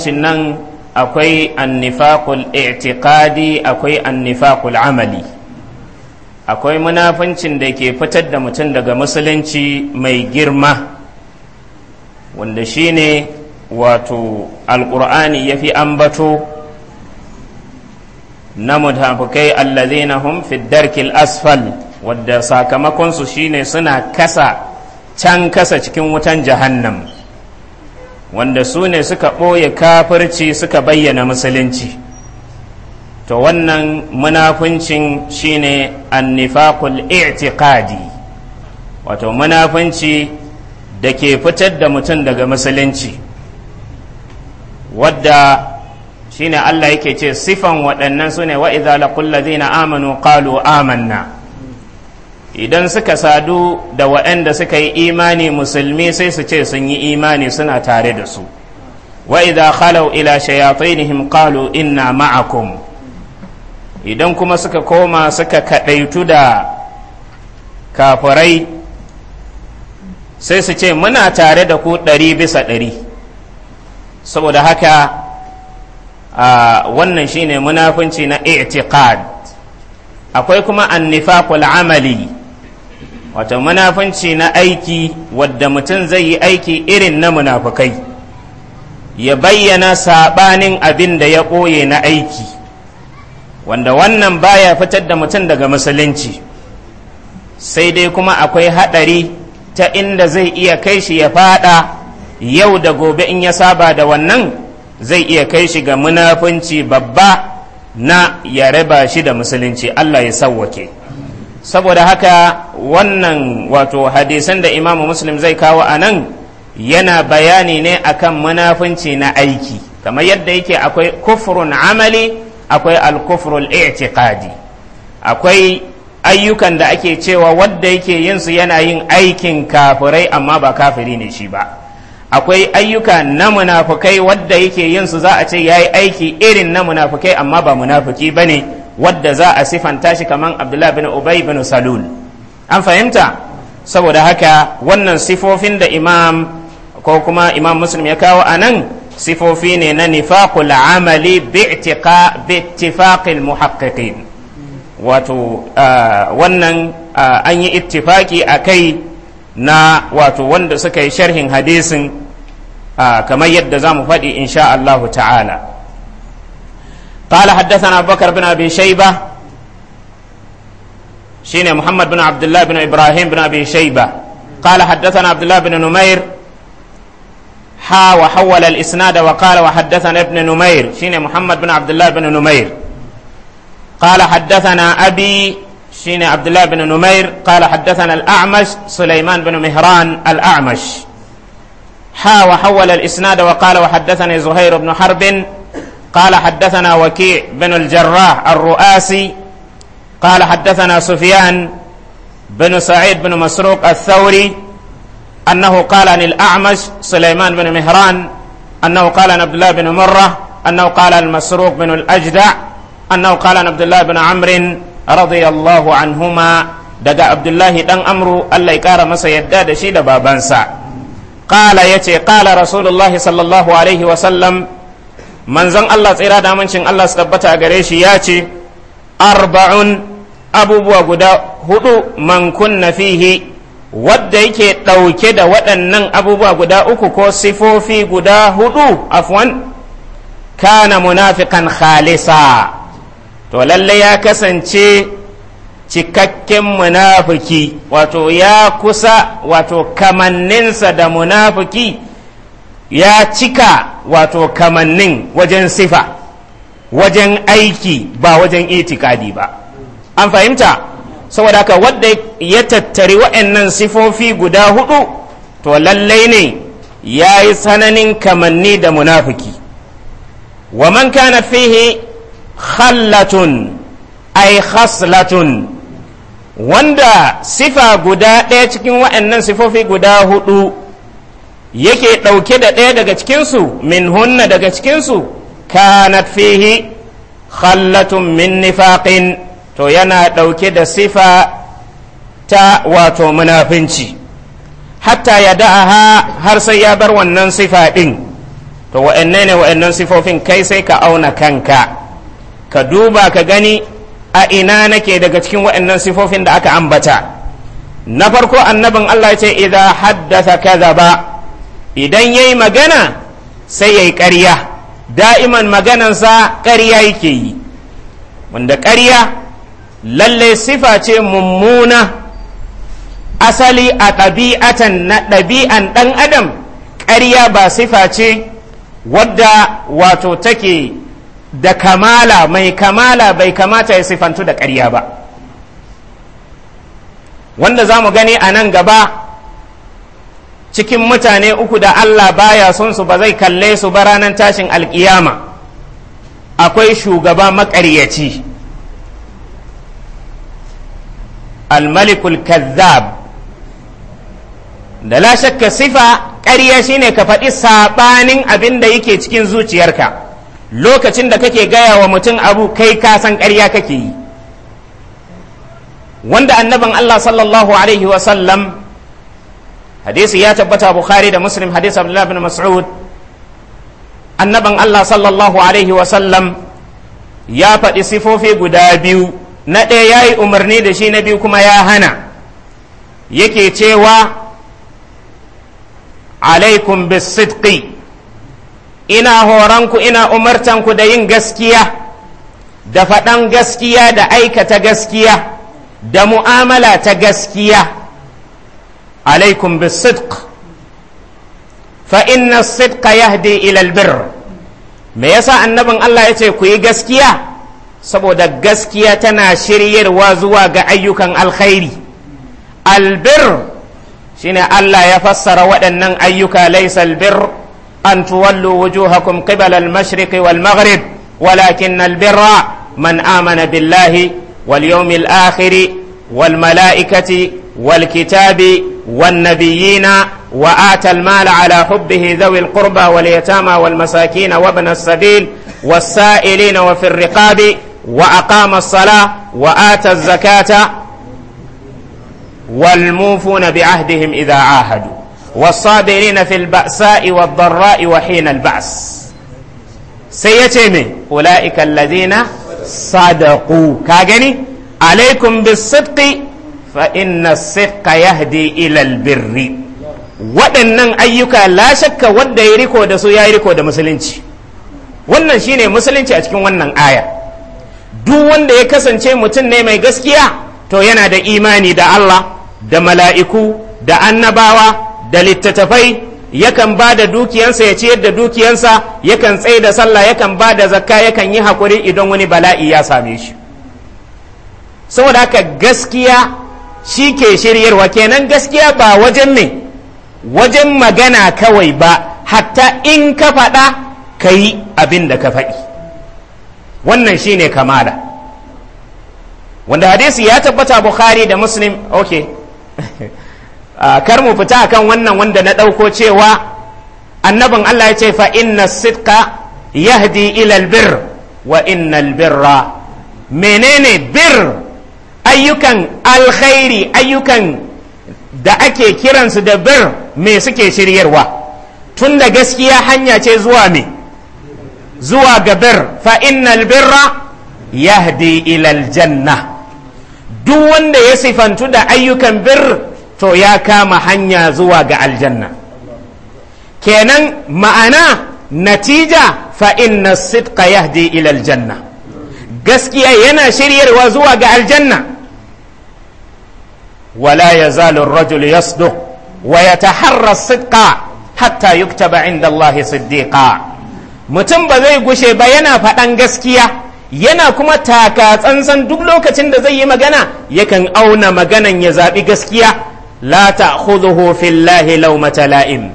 cin akwai annifaqul i'tiqadi akwai annifaqul amali akwai munafincin da ke fitar da mutum daga musulunci mai girma wanda shine wato ya yafi ambato na mutafikai allazina hum fi darkil asfal wadda sakamakonsu shine suna kasa can kasa cikin wutan jahannam wanda su ne suka ɓoye kafirci suka bayyana musulunci to wannan munafuncin shine annifakul i'tiqadi wato munafunci da ke fitar da mutum daga musulunci wadda shine Allah yake ce sifan waɗannan su ne wa idza laqul amanu ƙalu amanna idan suka sadu da waɗanda suka yi imani musulmi sai su ce sun yi imani suna tare da su wa idan khalau ila shayatainihim qalu inna ma'akum idan kuma suka koma suka kadaitu da kafirai sai su ce muna tare da ku ɗari bisa ɗari saboda haka wannan shine munafunci na i'tiqad akwai kuma nifaqul amali wato munafunci na aiki wadda mutum zai yi aiki irin na munafukai ya bayyana saɓanin abin da ya ɓoye na aiki wanda wannan baya fitar da mutum daga musulunci sai dai kuma akwai haɗari ta inda zai iya kai shi ya faɗa yau da gobe in ya saba da wannan zai iya kai shi ga munafunci babba na ya raba shi da musulunci Allah ya sawwake. saboda haka wannan wato hadisan da imamu muslim zai kawo a nan yana bayani ne akan munafunci na aiki kamar yadda yake akwai kufrun amali akwai alkufrul i'tiqadi akwai ayyukan da ake cewa wadda yake yin su yana yin aikin kafirai amma ba kafiri ne shi ba akwai ayyuka na munafukai wadda yake yin su za a ce ya yi aiki irin na munafukai amma ba munafuki ba ne. wadda za a sifanta shi kaman abdullahi bin ubay bin salul an fahimta saboda haka wannan sifofin da imam ko kuma imam muslim ya kawo a nan sifofi ne na nifaqul amali bi'tifaqil muhaqqiqin wato wannan an yi ittifaki a kai na wato wanda suka yi sharhin hadisin kamar yadda za mu faɗi insha Allahu ta'ala قال حدثنا أبو بكر بن أبي شيبة شين محمد بن عبد الله بن إبراهيم بن أبي شيبة قال حدثنا عبد الله بن نمير حا وحول الإسناد وقال وحدثنا ابن نمير شين محمد بن عبد الله بن نمير قال حدثنا أبي شين عبد الله بن نمير قال حدثنا الأعمش سليمان بن مهران الأعمش حا وحول الإسناد وقال وحدثني زهير بن حرب قال حدثنا وكيع بن الجراح الرؤاسي قال حدثنا سفيان بن سعيد بن مسروق الثوري أنه قال عن الأعمش سليمان بن مهران أنه قال عن عبد الله بن مرة أنه قال عن مسروق بن الأجدع أنه قال عن عبد الله بن عمرو رضي الله عنهما دقى عبد الله دن أمر الله يكار مسا يداد شيد بابانسا قال يتي قال رسول الله صلى الله عليه وسلم manzon Allah tsira da amincin Allah su tabbata gare shi ya ce arba'un abubuwa guda hudu man kunna fihi wadda yake ɗauke da waɗannan abubuwa guda uku ko sifofi guda hudu afwan kana munafikan khalisa to lalle ya kasance cikakken munafiki wato ya kusa wato kamanninsa da munafiki ya cika wato kamannin wajen sifa wajen aiki ba wajen itikadi ba an fahimta saboda haka wadda ya tattari waɗannan sifofi guda hudu to lallai ne ya yi tsananin kamanni da munafiki wa man kana fihi khallatun ay khaslatun wanda sifa guda ɗaya cikin waɗannan sifofi guda hudu yake ɗauke da ɗaya daga cikinsu min hunna daga cikinsu kanat fihi khallatun min nifaqin to yana ɗauke da sifa ta wato munafinci hatta ya da'aha har sai ya bar wannan sifa ɗin to wa'in ne wa'annan sifofin kai sai ka auna kanka ka duba ka gani a ina nake daga cikin wa'annan sifofin da aka ambata na farko annabin Allah ya ce idza haddatha kadhaba idan ya yi magana sai ya yi ƙarya da'iman maganansa ƙarya yake yi wanda ƙarya lallai sifa ce mummuna asali a ɗabi'atan na ɗabi'an ɗan adam ƙarya ba sifa ce wadda wato take da kamala mai kamala bai kamata ya sifantu da ƙarya ba wanda za mu gani a nan gaba cikin mutane uku da Allah baya son su ba zai kalle su ba ranar tashin alkiyama akwai shugaba maƙaryaci almalikul kazzab da la shakka sifa ƙarya shine ka faɗi saɓanin abin da yake cikin zuciyarka lokacin da kake gaya wa mutum abu kai ka san ƙarya kake yi wanda annabin Allah sallallahu alaihi wasallam hadisi ya tabbata bukhari da muslim hadisi abdullahi bin mas'ud annaban allah sallallahu alaihi wasallam ya faɗi sifofi guda biyu na ɗaya ya yi umarni da shi na biyu kuma ya hana yake cewa alaikum bisidqi ina horonku ina umartanku da yin gaskiya da faɗan gaskiya da aikata gaskiya da mu'amala ta gaskiya alaikum bisidq fa inna sidqa yahdi ila albir me yasa annabin Allah yace ku yi gaskiya saboda gaskiya tana shiryarwa zuwa ga ayyukan alkhairi albir shine Allah ya fassara waɗannan ayyuka laysa albir an tuwallu wujuhakum qibala al-mashriq wal maghrib walakin albirra man amana billahi wal yawmil akhir wal mala'ikati wal kitabi والنبيين وآتى المال على حبه ذوي القربى واليتامى والمساكين وابن السبيل والسائلين وفي الرقاب وأقام الصلاة وآتى الزكاة والموفون بعهدهم إذا عاهدوا والصابرين في البأساء والضراء وحين البعث سيتمي أولئك الذين صدقوا كاغني عليكم بالصدق fa inna sifka yahdi ilal birri waɗannan ayyuka la shakka wanda ya riko da su ya yi riko da musulunci wannan shine musulunci a cikin wannan aya duk wanda ya kasance mutum ne mai gaskiya to yana da imani da Allah da mala'iku da annabawa da littattafai yakan ba da dukiyansa ya ciyar da dukiyansa yakan tsaye da sallah yakan ba da zakka yakan yi haƙuri idan wani bala'i ya same shi saboda haka gaskiya shi ke shiryarwa kenan gaskiya ba wajen ne wajen magana kawai ba hatta in ka faɗa ka yi abin da ka faɗi wannan shi ne kamala wanda hadisi ya tabbata bukhari da muslim ok ah, kar mu fita akan wannan wanda na ɗauko cewa annabin allah ya ce fa inna sitka yahdi ilal bir wa innal birra menene bir ayyukan alkhairi ayyukan da ake kiransu da bir me suke shiryarwa tun da gaskiya hanya ce zuwa me zuwa ga bir fa innal birra yahdi ilal janna duk wanda ya sifantu da ayyukan bir to ya kama hanya zuwa ga aljanna kenan ma'ana natija fa inna sidqa yahdi ilal janna gaskiya yana shiryarwa zuwa ga aljanna ولا يزال الرجل يصدق ويتحرى الصدق حتى يكتب عند الله صديقا mutum ba zai gushe ba yana faɗan gaskiya yana kuma taka tsantsan duk lokacin da zai yi magana yakan auna maganan ya zaɓi gaskiya la ta'khudhuhu fillahi lawmata la'im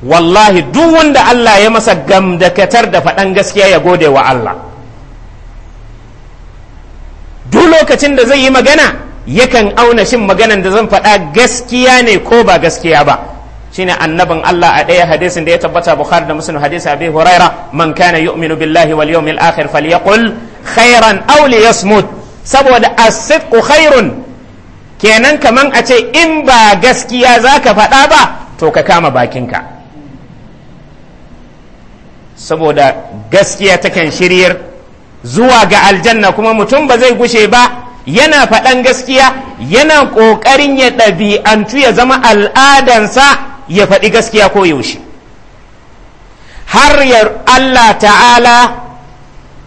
wallahi duk wanda Allah ya masa gamdakatar da faɗan gaskiya ya gode wa Allah lokacin da zai yi magana yakan auna shin maganan da zan faɗa gaskiya ne ko ba gaskiya ba shine annabin Allah a ɗaya hadisin da ya tabbata Bukhari da Muslim hadisi Abi Huraira man kana yu'minu billahi wal yawmil akhir falyaqul khairan aw liyasmut saboda as-sidqu khairun kenan kaman a ce in ba gaskiya zaka faɗa ba to ka kama bakinka saboda gaskiya takan shiryar zuwa ga aljanna kuma mutum ba zai gushe ba yana faɗan gaskiya yana ƙoƙarin ya ɗabi'antu ya zama al'adansa ya faɗi gaskiya ko yaushe har ya Allah ta'ala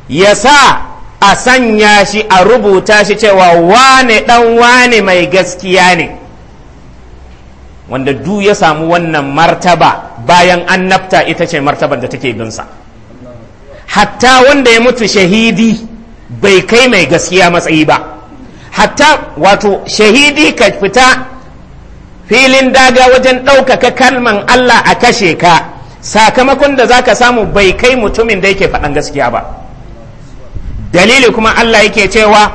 ya sa a sanya shi a rubuta shi cewa wane ɗan wane mai gaskiya ne wanda du ya samu wannan martaba bayan annabta ita ce martabar da take binsa. hatta wanda ya mutu shahidi bai kai mai gaskiya matsayi ba hatta wato shahidi ka fita filin daga wajen ɗaukaka kalman Allah a kashe ka sakamakon da za ka samu bai kai mutumin da yake faɗan gaskiya ba dalili kuma Allah yake cewa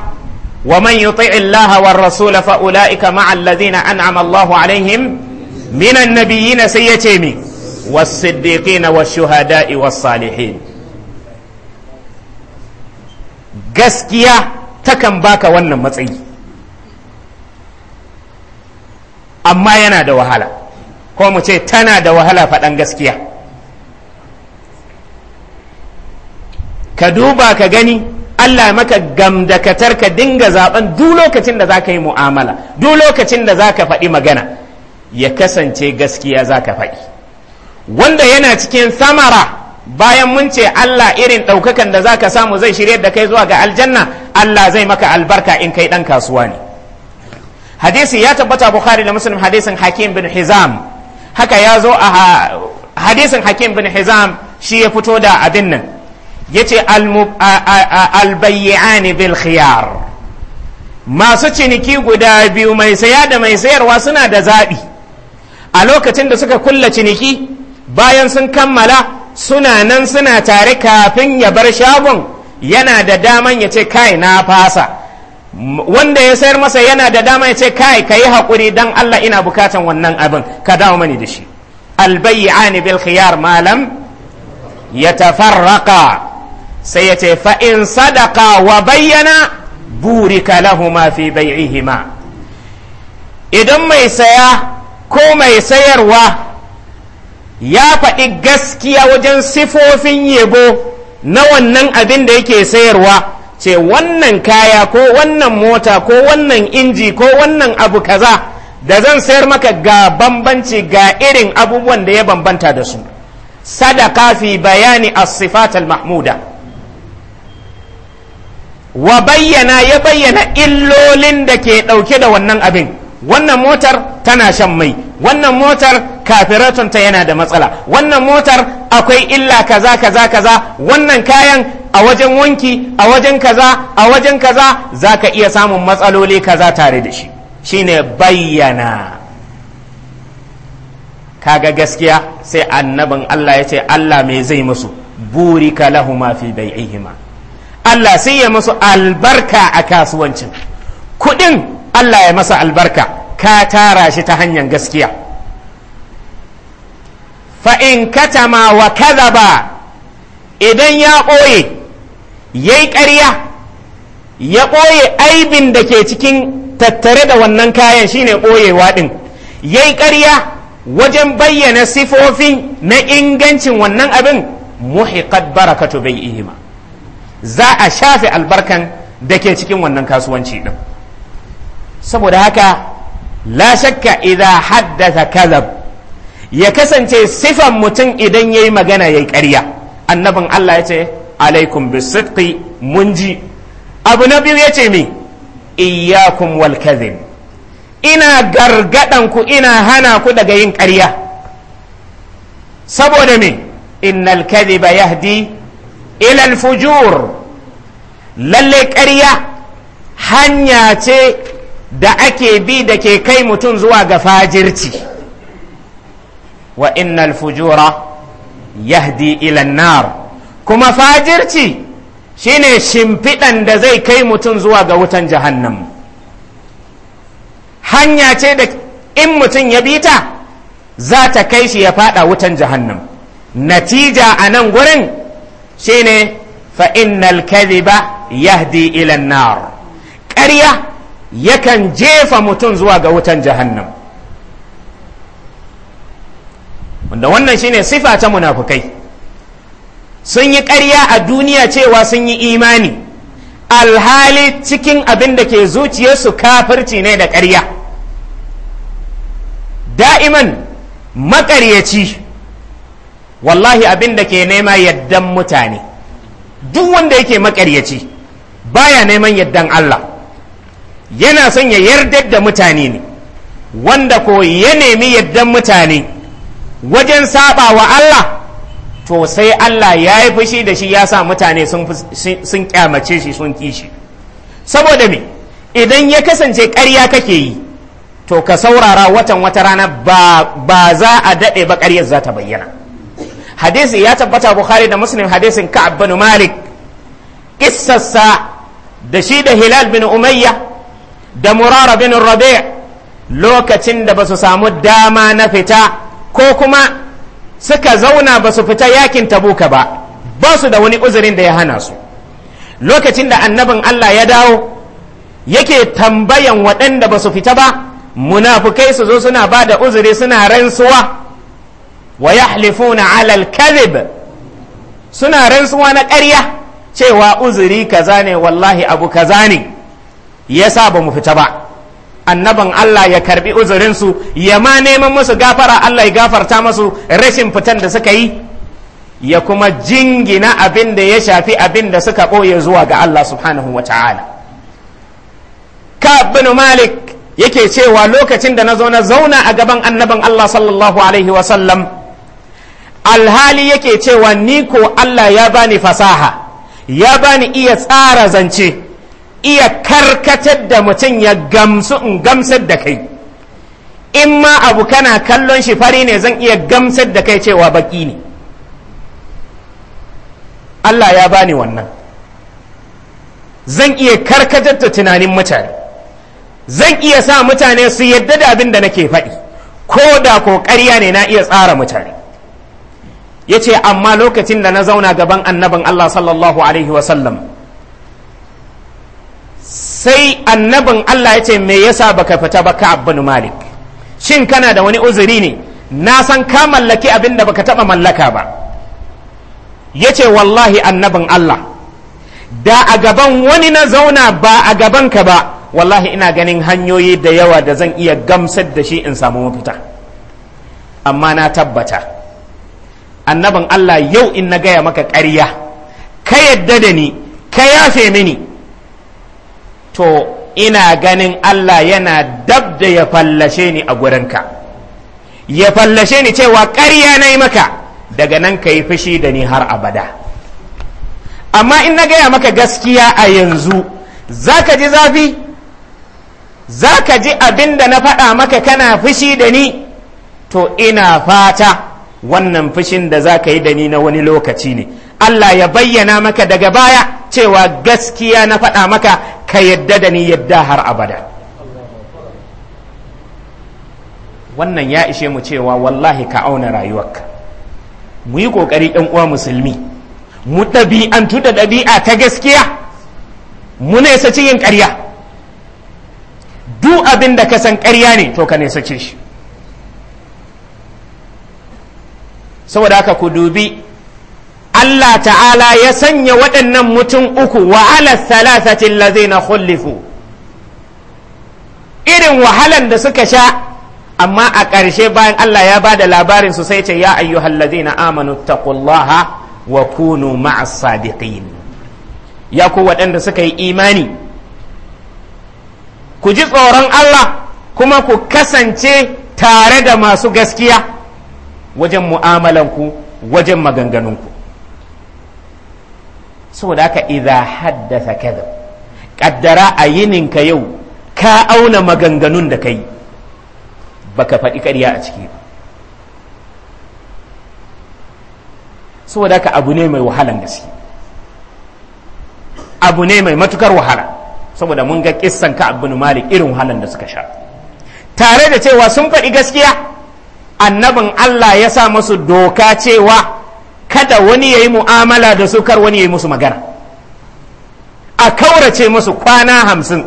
wa man yuti'i Allah war rasul fa ulaika ma'a alladhina an'ama Allahu alaihim minan nabiyyin sai yace min was siddiqin was shuhada'i was salihin gaskiya takan baka wannan matsayi amma yana da wahala ko mu ce tana da wahala faɗan gaskiya ka duba ka gani Allah maka gamdakatar ka dinga zaben duk lokacin da za ka yi mu'amala duk lokacin da za ka faɗi magana ya kasance gaskiya za ka faɗi wanda yana cikin samara bayan mun ce Allah irin ɗaukakan da zaka samu zai shiryar da kai zuwa ga aljanna Allah zai maka albarka in kai ɗan kasuwa ne hadisi ya tabbata bukhari da muslim hadisin hakim bin hizam haka ya zo a hadisin hakim bin hizam shi ya fito da abin nan ya ce albayyani bil khiyar masu ciniki guda biyu mai saya da mai sayarwa suna da zaɓi a lokacin da suka kulla ciniki bayan sun kammala suna nan suna tare kafin ya bar shagon yana da daman ya ce kai na fasa wanda ya sayar masa yana da dama ya ce kai ka yi haƙuri don Allah ina bukatan wannan abin ka dawo mani da shi albayyani bil khiyar malam ya tafarraka sai ya ce fa'in sadaka wa bayyana burika lahuma fi bai'ihima idan mai saya ko mai sayarwa ya faɗi gaskiya wajen sifofin yabo na wannan abin da yake sayarwa ce wannan kaya ko wannan mota ko wannan inji ko wannan abu kaza da zan sayar maka ga bambanci ga irin abubuwan da ya bambanta da su sadaka fi bayani as-sifat mahmuda wa bayyana ya bayyana illolin da ke ɗauke da wannan abin wannan motar tana shan mai wannan motar kafiratun ta yana da matsala wannan motar akwai illa kaza kaza kaza wannan kayan a wajen wanki a wajen kaza a wajen kaza za ka iya samun matsaloli kaza tare da shi shine bayyana kaga gaskiya sai annabin Allah ya ce Allah mai zai musu buri lahuma fi bai'ihima Allah sai ya musu albarka a kasuwancin kudin Allah ya masa albarka ka tara shi ta hanyar gaskiya fa'in katama wa ba idan ya ɓoye ya yi ƙarya ya ɓoye aibin da ke cikin tattare da wannan kayan shine ɓoyewa ɗin ya yi ƙarya wajen bayyana sifofin na ingancin wannan abin muhiqat barakatu bai za a shafe albarkan da ke cikin wannan kasuwanci ɗin saboda haka la shakka idan haddasa kazab ya kasance sifan mutum idan yayi magana ya yi ƙarya annabin Allah ya ce alaikum bisidqi mun ji abu na biyu ya ce mi iyakum wal kazib ina gargadan ku ina hana ku daga yin ƙarya saboda me innal kadhiba yahdi ila fujur lallai ƙarya hanya ce da ake bi da ke kai mutum zuwa ga fajirci wa innal fujura yahdi ilan nar kuma fajirci shine shimfiɗan da zai kai mutum zuwa ga wutan jahannam hanya ce da in mutum ya bi ta za ta kai shi ya fada wutan jahannam natija a nan gurin shine fa'innal kadhiba yahdi ilan nar ƙarya yakan jefa mutum zuwa ga wutan jahannam wanda wannan shine sifa ta munafukai sun yi ƙarya a duniya cewa sun yi imani alhali cikin abin da ke zuciyarsu kafirci ne da ƙarya da'iman makaryaci wallahi abin da ke nema yaddan mutane duk wanda yake maƙaryaci baya neman yaddan Allah yana son ya yarda da mutane ne wanda ko ya nemi yardan mutane wajen saba wa Allah to sai Allah ya yi fushi da shi ya sa mutane sun kyamace shi sun kishi saboda me idan ya kasance ƙarya kake yi to ka saurara watan wata rana ba za a daɗe ba ƙaryar za ta bayyana hadisi ya tabbata bukhari da muslim hadisin ka'ab bin malik kissarsa da shi da hilal bin umayya da murara bin lokacin da ba su samu dama na fita ko kuma suka zauna ba su fita yakin tabuka ba ba su da wani uzurin da ya hana su lokacin da annabin Allah ya dawo yake tambayan waɗanda ba su fita ba munafukai su zo suna ba da uzuri suna rantsuwa wa na alal kadhib suna rantsuwa na ƙarya cewa uzuri kaza ne wallahi abu kaza ne yasa ba mu fita ba annaban Allah ya karbi uzurinsu ya ma neman musu gafara Allah ya gafarta musu rashin fitan da suka yi ya kuma jingina abin da ya shafi abin da suka ɓoye zuwa ga Allah subhanahu wa ta'ala bin malik yake cewa lokacin da na zo na zauna a gaban annaban Allah sallallahu alaihi wasallam alhali yake cewa ni ko Allah ya bani fasaha ya bani iya tsara zance iya karkatar da mutum ya gamsu in gamsar da kai in ma abu kana kallon shi fari ne zan iya gamsar da kai cewa baki ne Allah ya bani wannan zan iya karkatar da tunanin mutane zan iya sa mutane su yadda da abin da nake faɗi ko da ko ƙarya ne na iya tsara mutane ya ce amma lokacin da na zauna gaban annabin Allah sallallahu alaihi wasallam sai annabin Allah ya ce me yasa baka fita ba ka bin malik shin kana da wani uzuri ne na san ka mallaki abin da baka taba mallaka ba ya ce wallahi annabin Allah da a gaban wani na zauna ba a gaban ka ba wallahi ina ganin hanyoyi da yawa da zan iya gamsar da shi in samu mafita amma na tabbata annabin Allah yau in na gaya maka ƙarya ka yadda da ni ka yafe mini to ina ganin Allah yana dab da ya fallashe ni a gurinka ya fallashe ni cewa ƙarya na yi maka daga nan ka yi fushi da ni har abada amma in na gaya maka gaskiya a yanzu za ka ji zafi za ka ji abin da na faɗa maka kana fushi da ni to ina fata wannan fushin da za ka yi da ni na wani lokaci ne Allah ya bayyana maka daga baya cewa gaskiya na faɗa maka ka yadda da ni yadda har abada wannan ya ishe mu cewa wallahi ka auna rayuwarka mu yi ƙoƙari ɗan uwa musulmi mu ɗabi'antu da ɗabi'a ta gaskiya mu nesa cikin ƙarya duk abin da ka san ƙarya ne to ka nesa shi saboda haka ku dubi Allah ta'ala ya sanya waɗannan mutum uku wa ala thalathatin lazina khullifu irin wahalan da suka sha amma a ƙarshe bayan Allah ya ba da labarin su sai ce ya ayyuhal ladina amanu taqullaha wa kunu ma'as sadiqin ya ku waɗanda suka yi imani ku ji tsoron Allah kuma ku kasance tare da masu gaskiya wajen mu'amalanku wajen maganganunku saboda haka idza haddatha kadhib kaddara a yininka yau ka auna maganganun da kai baka faɗi ƙarya a ciki ba saboda haka abu ne mai wahalan gaske abu ne mai matukar wahala saboda mun ga kissan ka abu malik irin wahalan da suka sha tare da cewa sun faɗi gaskiya annabin allah ya sa masu doka cewa kada wani ya yi mu'amala da su kar wani ya yi musu magana a kaurace musu kwana hamsin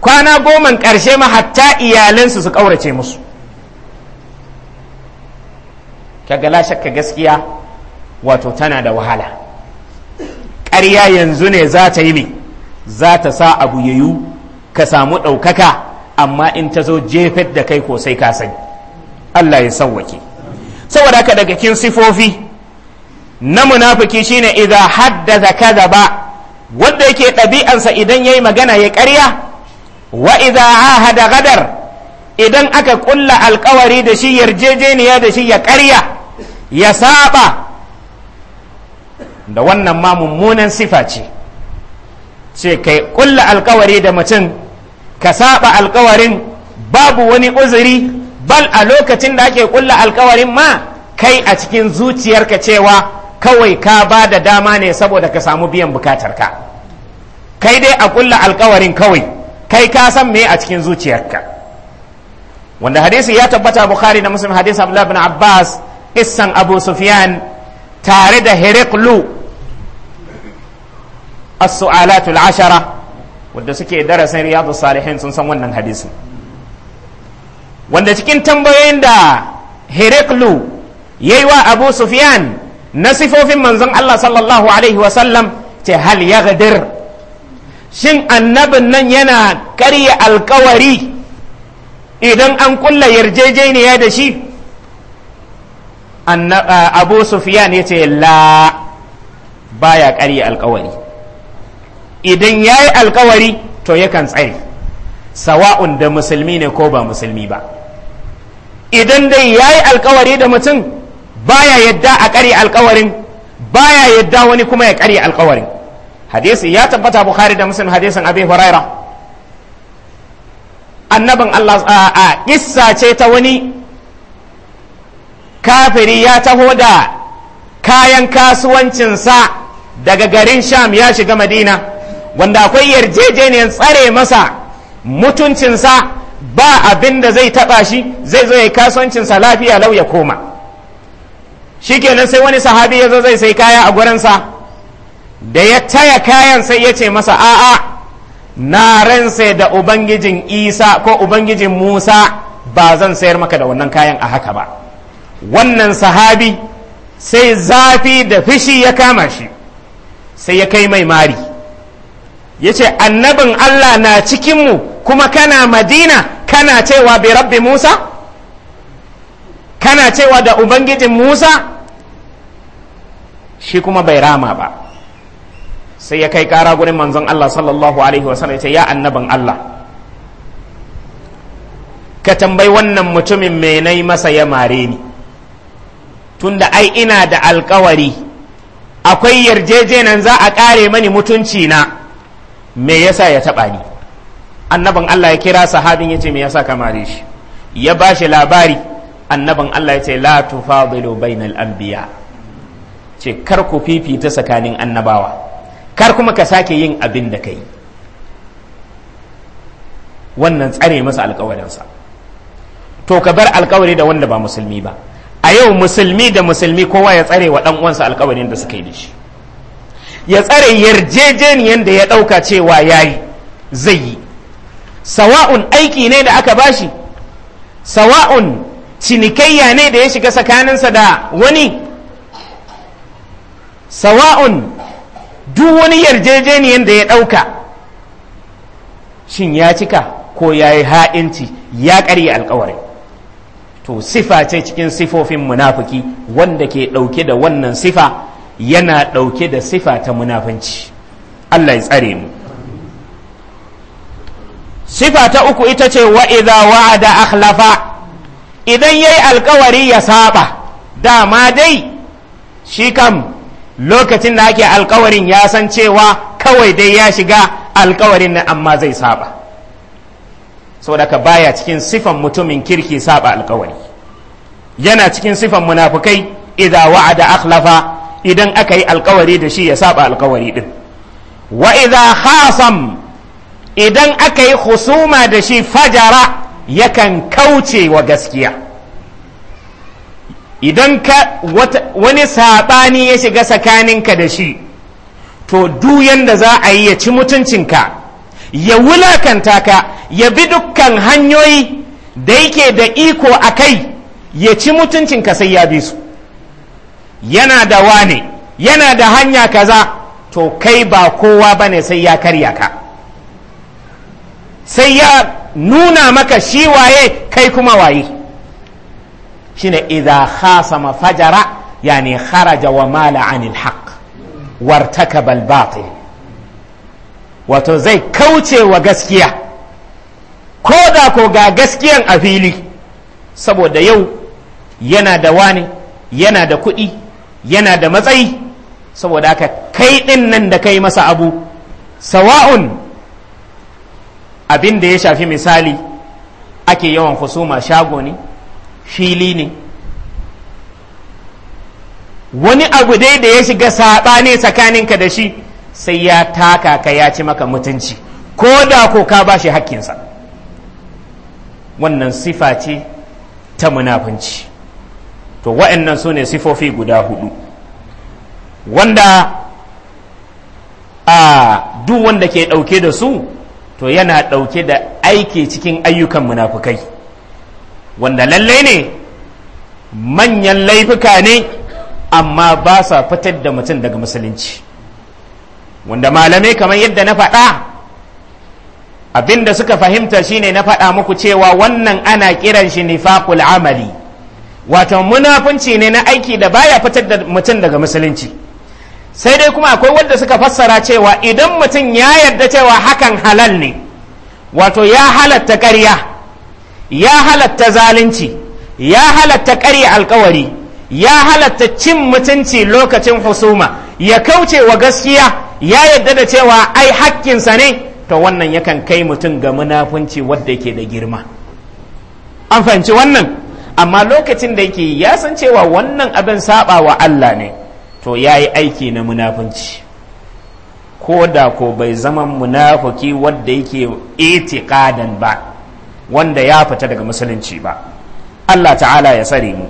kwana goma ƙarshe ma hatta iyalansu su kaurace musu kaga la shakka gaskiya wato tana da wahala ƙarya yanzu ne za ta yi me za ta sa abu yayu ka samu ɗaukaka amma in ta zo jefet da kai ko sai ka sani Allah ya sauwake saboda haka daga kin sifofi na munafiki shine idza haddatha kadhaba wanda yake ɗabi'ansa idan yayi magana ya ƙarya wa idza ahada gadar idan aka kulla alkawari da shi yarjejeniya da shi ya ƙarya ya saba da wannan ma mummunan sifa ce ce kai kulla alkawari da mutum ka saba alkawarin babu wani uzuri bal a lokacin da ake kulla alkawarin ma kai a cikin zuciyarka cewa kawai ka ba da dama ne saboda ka samu biyan bukatarka kai dai a kulla alkawarin kawai kai ka san me a cikin zuciyarka wanda hadisi ya tabbata bukhari da muslim hadisi abdullahi bin abbas issan abu sufyan tare da heriklu as-su'alatul ashara wanda suke darasin riyadu salihin sun san wannan hadisin wanda cikin tambayoyin da heriklu yayi wa abu sufyan na sifofin manzon Allah sallallahu alaihi wasallam ce hal ya gadir shin annabin nan yana karya alkawari idan an kulla yarjejeniya da shi abu sufyan ya ce la baya karya alkawari idan ya yi alkawari to yakan tsare sawa'un da musulmi ne ko ba musulmi ba idan dai ya yi alkawari da mutum baya yadda a ƙari alkawarin baya yadda wani kuma ya ƙari alƙawarin hadisi ya tabbata bukhari da muslim hadisin abi huraira annabin allah a kissa ce ta wani kafiri ya taho da kayan kasuwancinsa daga garin sham ya shiga madina wanda akwai yarjejeniyar tsare masa mutuncinsa ba abin da zai taba shi zai zo ya kasuwancinsa lafiya lau ya koma shikenan sai wani sahabi ya zo zai sai kaya a gurinsa da ya taya kayan sai ya ce masa a'a na ransa da ubangijin isa ko ubangijin musa ba zan sayar maka da wannan kayan a haka ba wannan sahabi sai zafi da fishi ya kama shi sai ya kai mai mari ya ce annabin allah na cikinmu kuma kana madina kana cewa bi rabbi musa kana cewa da ubangijin musa shi kuma bai rama ba sai ya kai kara gurin manzon Allah sallallahu alaihi wa ya ce ya annabin Allah ka tambayi wannan mutumin me nayi masa ya mare ni tunda ai ina da alkawari akwai yarjejenan za a kare mani mutunci na me yasa ya taba ni annabin Allah ya kira sahabin ya ce me yasa ka mare shi ya bashi labari annabin Allah ya ce la tufadilu bainal anbiya' ce kar ku fifita tsakanin annabawa kar kuma ka sake yin abin da kai wannan tsare masa alkawarinsa to ka bar alkawari da wanda ba musulmi ba a yau musulmi da musulmi kowa ya tsare wa dan uwansa alkawarin da suka yi da shi ya tsare yarjejeniyar da ya ɗauka cewa yayi zai yi sawa'un aiki ne da aka bashi sawa'un cinikayya ne da ya shiga tsakaninsa da wani sawa'un duk wani yarjejeniyar da ya ɗauka shin ya cika ko ya yi ha'inci ya ƙarye alkawari to sifa ce cikin sifofin munafuki wanda ke ɗauke da wannan sifa yana ɗauke da sifa ta munafanci Allah ya tsare mu sifa ta uku ita ce wa idza wa'ada akhlafa idan yayi alkawari ya saba dama dai shi kam lokacin da ake alkawarin ya san cewa kawai dai ya shiga alkawarin na amma zai saba saboda ka baya cikin sifan mutumin kirki saba alkawari yana cikin sifan munafukai idza wa'ada akhlafa idan aka yi alkawari da shi ya saba alkawari din wa idza khasam idan aka yi husuma da shi fajara yakan kauce wa gaskiya idan ka wani saɓani ya shiga tsakaninka da shi to duk yanda za a yi ya ci mutuncinka ya wulakanta ka ya bi dukkan hanyoyi da yake da iko a kai ya ci mutuncinka sai ya bi su yana da wane yana da hanya kaza to kai ba kowa ba ne sai ya karya ka sai ya nuna maka shi waye kai kuma waye shine idza khasama fajara yani kharaja wa mala anil haqq wartakaba al batil wato zai kauce wa gaskiya ko da ko ga gaskiyan a fili saboda yau yana da wani yana da kuɗi yana da matsayi saboda haka kai ɗin nan da kai masa abu sawa'un abin da ya shafi misali ake yawan husuma shago ne fili ne wani abu dai da ya shiga saɓani tsakaninka da shi sai ya taka ka ya ci maka mutunci ko da ko ka ba shi hakkinsa wannan sifa ce ta munafunci to wa'annan su ne sifofi guda hudu wanda a duk wanda ke ɗauke da su to yana ɗauke da aiki cikin ayyukan munafukai wanda lallai ne manyan laifuka ne amma ba sa fitar da mutum daga musulunci wanda malamai kamar yadda na faɗa abinda suka fahimta shine na faɗa muku cewa wannan ana kiran shi nifaqul amali wato munafunci ne na aiki da baya fitar da mutum daga musulunci sai dai kuma akwai wanda suka fassara cewa idan mutum ya yarda cewa hakan halal ne wato ya halatta ƙarya ya halatta zalunci ya halatta ƙarya alkawari ya halatta cin mutunci lokacin husuma ya kauce wa gaskiya ya yadda da cewa ai hakkinsa ne to wannan yakan kai mutum ga munafunci wadda yake da girma an fahimci wannan amma lokacin da yake ya san cewa wannan abin saba wa Allah ne to ya yi aiki na munafunci ko da ko bai zama munafuki wadda yake itikadan ba wanda ya fita daga musulunci ba Allah ta'ala ya tsare mu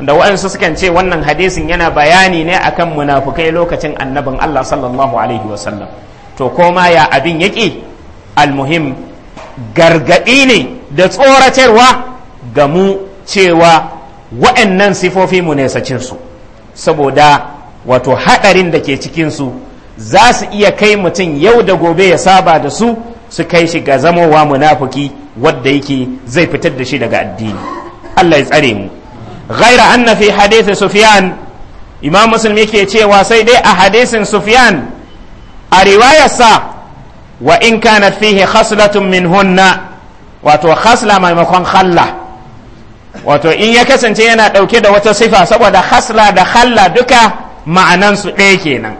Da wa'ansu sukan ce wannan hadisin yana bayani ne akan munafukai lokacin annabin Allah sallallahu alaihi wasallam to koma ya abin yake almuhim gargaɗi ne da tsoratarwa ga mu cewa wa'annan sifofi mu nesacinsu saboda wato haɗarin da ke cikinsu za su iya kai mutum yau da gobe ya saba da su su kai shi ga zamowa munafiki wadda yake zai fitar da shi daga addini Allah ya tsare mu ghaira anna fi hadith sufyan imam muslim yake cewa sai dai a hadisin sufyan a sa wa in kana fihi khaslatun min hunna wato khasla maimakon khalla wato in ya kasance yana ɗauke da wata sifa saboda khasla da khalla duka ma'anansu ɗaya kenan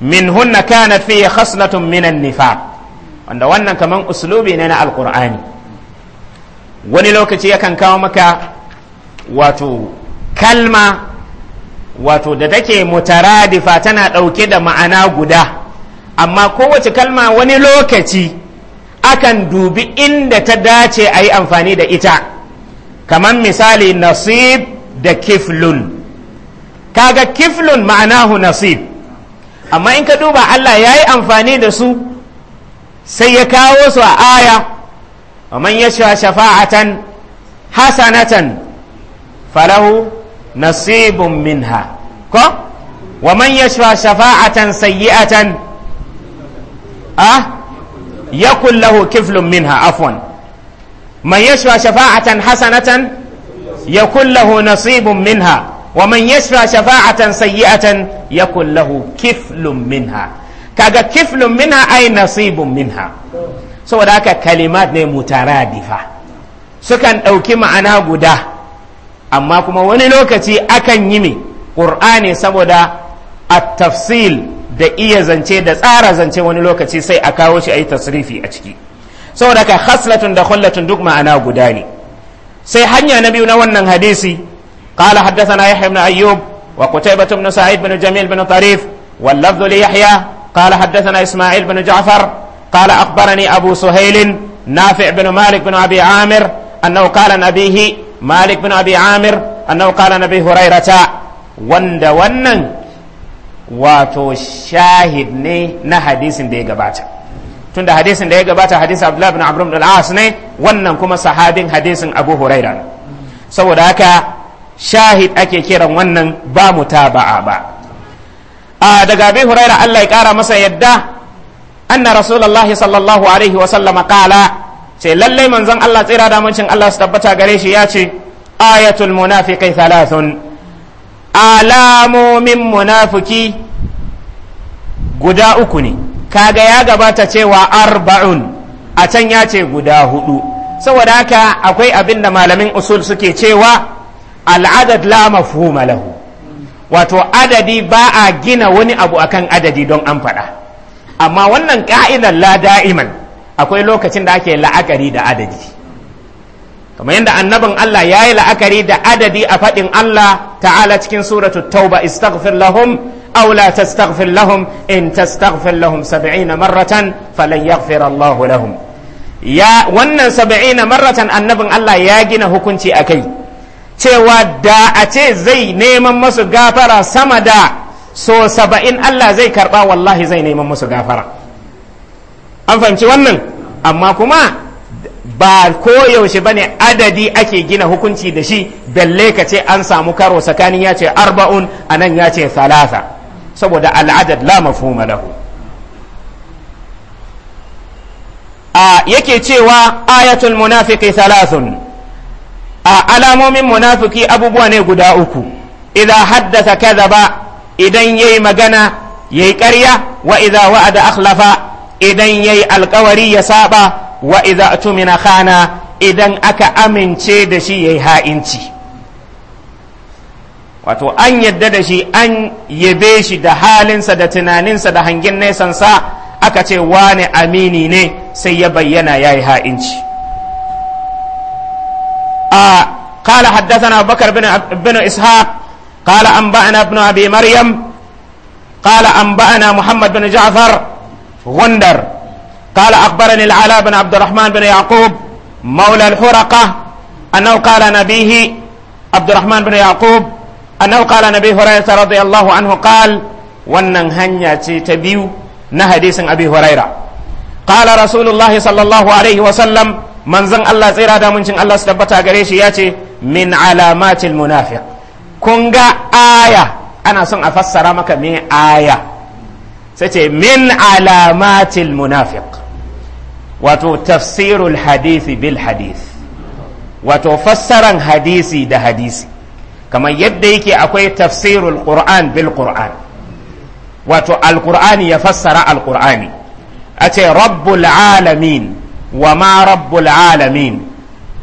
min hunna kana fihi khaslatun minan nifaq wanda wannan kaman uslubi ne na alkur'ani wani lokaci yakan kawo maka wato kalma wato da take mutaradifa tana ɗauke da ma'ana guda amma kowace kalma wani lokaci akan dubi inda ta dace a yi amfani da ita kamar misali nasib da kiflun kaga kiflun ma'anahu nasib amma in ka duba Allah ya yi amfani da su sai ya kawo su a aya wa man yasha shafa'atan hasanatan falahu nasibun minha ko wa man yasha shafa'atan sayyi'atan ah ya kullahu kiflun minha afwan man yasha shafa'atan hasanatan yakul lahu nasibun minha wa man yasha shafa'atan sayyi'atan ya kullahu kiflun minha kaga kiflun minha ay nasibun minha saboda haka kalimat ne mutaradifa sukan ɗauki ma'ana guda amma kuma wani lokaci akan yi ne ƙur'ani saboda a tafsil da iya zance da tsara zance wani lokaci sai a kawo shi a yi tasrifi a ciki saboda ka khaslatun da kullatun duk ma'ana guda ne sai hanya na biyu na wannan hadisi قال حدثنا يحيى بن أيوب وقتيبة بن سعيد بن جميل بن طريف واللفظ yahya قال حدثنا إسماعيل بن جعفر قال أخبرني أبو سهيل نافع بن مالك بن أبي عامر أنه قال عن أبيه مالك بن أبي عامر أنه قال عن هريرة وند ونن واتو شاهد ني نحديث دي قباته tunda hadisin da ya gabata hadisin Abdullah bin Amr bin al ne wannan kuma sahabin hadisin Abu Huraira saboda haka shahid ake kiran wannan ba mutaba'a ba daga abi huraira Allah ya kara masa yadda anna rasulullahi sallallahu alaihi wa sallam qala ce lalle manzon Allah tsira da mancin Allah su tabbata gare shi ya ce ayatul munafiqi thalathun alamomin munafiki guda uku ne kaga ya gabata cewa arba'un a can ya ce guda hudu saboda haka akwai abin da malamin usul suke cewa al'adad la mafhuma lahu wato adadi ba a gina wani abu akan adadi don an faɗa amma wannan ka'idar la da'iman akwai lokacin da ake la'akari da adadi kamar yadda annabin Allah ya yi la'akari da adadi a faɗin Allah ta'ala cikin suratul tauba istaghfir lahum aw la tastaghfir lahum in tastaghfir lahum 70 marratan falan yaghfir Allahu lahum ya wannan 70 marratan annabin Allah ya gina hukunci akai cewa da a ce zai neman masu gafara sama da so saba'in Allah zai karɓa wallahi zai neman masu gafara an fahimci wannan amma kuma ba koyaushe ba ne adadi ake gina hukunci da shi balle ka ce an samu karo tsakanin ya ce arba'un a nan ya ce thalatha saboda al'adad la mafhuma lahu a yake cewa ayatul munafiki thalathun a alamomin munafiki abubuwa ne guda uku idan haddasa kaza ba, idan yayi magana yayi ƙarya wa idza wa'ada akhlafa idan yayi alƙawari ya saba wa idza tumina khana idan aka amince da shi yayi ha'inci wato an yadda da shi an yabe shi da halinsa da tunaninsa da hangen nesansa aka ce wane amini ne sai ya bayyana yayi ha'inci آه، قال حدثنا أبو بكر بن, بن إسحاق قال أنبأنا ابن أبي مريم قال أنبأنا محمد بن جعفر غندر قال أخبرني العلاء بن عبد الرحمن بن يعقوب مولى الحرقة أنه قال نبيه عبد الرحمن بن يعقوب أنه قال نبي هريرة رضي الله عنه قال ونن هنيا تبيو ta أبي هريرة قال رسول الله صلى الله عليه وسلم manzon Allah tsira da muncin Allah su tabbata gare shi ya ce min alamatil munafiq kun ga aya ana son a fassara maka me aya sai ce min alamatil munafiq wato tafsirul hadisi bil hadith wato fassaran hadisi da hadisi kamar yadda yake akwai tafsirul qur'an bil qur'an wato alqur'ani ya fassara alqur'ani a ce rabbul alamin وما رب العالمين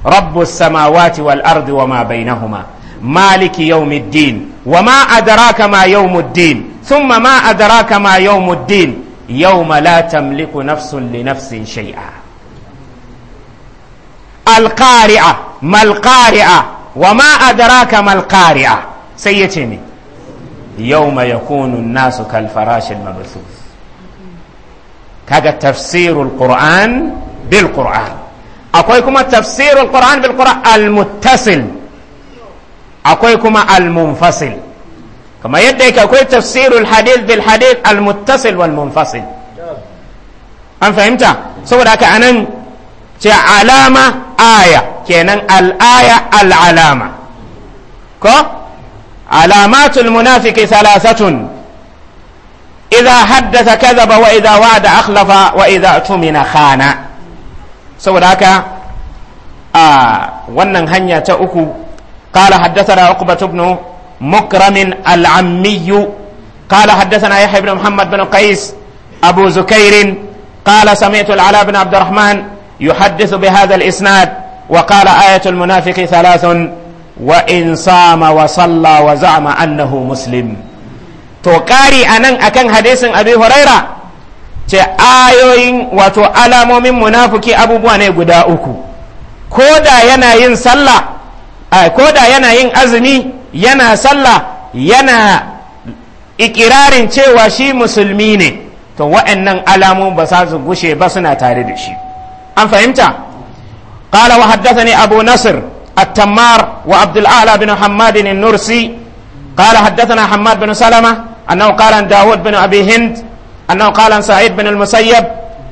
رب السماوات والأرض وما بينهما مالك يوم الدين وما أدراك ما يوم الدين ثم ما أدراك ما يوم الدين يوم لا تملك نفس لنفس شيئا القارعة ما القارعة وما أدراك ما القارعة سيتني يوم يكون الناس كالفراش المبثوث كذا تفسير القرآن bil qur'an akwai kuma tafsirul qur'an bil qur'an al muttasil akwai kuma al munfasil kamar yadda yake akwai tafsirul hadith bil hadith al muttasil wal munfasil an fahimta saboda haka anan ce alama aya kenan al aya al alama ko alamatul munafiki thalathatun idza haddatha kadhaba wa idza wa'ada akhlafa wa tumina saboda haka a wannan hanya ta uku kala haddasa uqba ibn mukramin al'ammiyu kala haddasa na yahya ibn muhammad bin qais abu zukairin kala sami'tu al ala ibn abdurrahman yuhaddithu bi isnad wa qala ayatu al munafiqi wa in sama wa salla wa za'ama annahu muslim to kari anan akan hadisin abi hurairah ce ayoyin wato alamomin munafuki abubuwa ne guda uku ko da yana yin sallah ko da yana yin azumi yana sallah yana ikirarin cewa shi musulmi ne to wa'annan alamu ba sa su gushe ba suna tare da shi an fahimta qala wa haddathani abu nasr at-tammar wa abdul a'la bin hammad an-nursi qala haddathana hammad bin salama annahu qala dawud bin abi أنه قال عن سعيد بن المسيب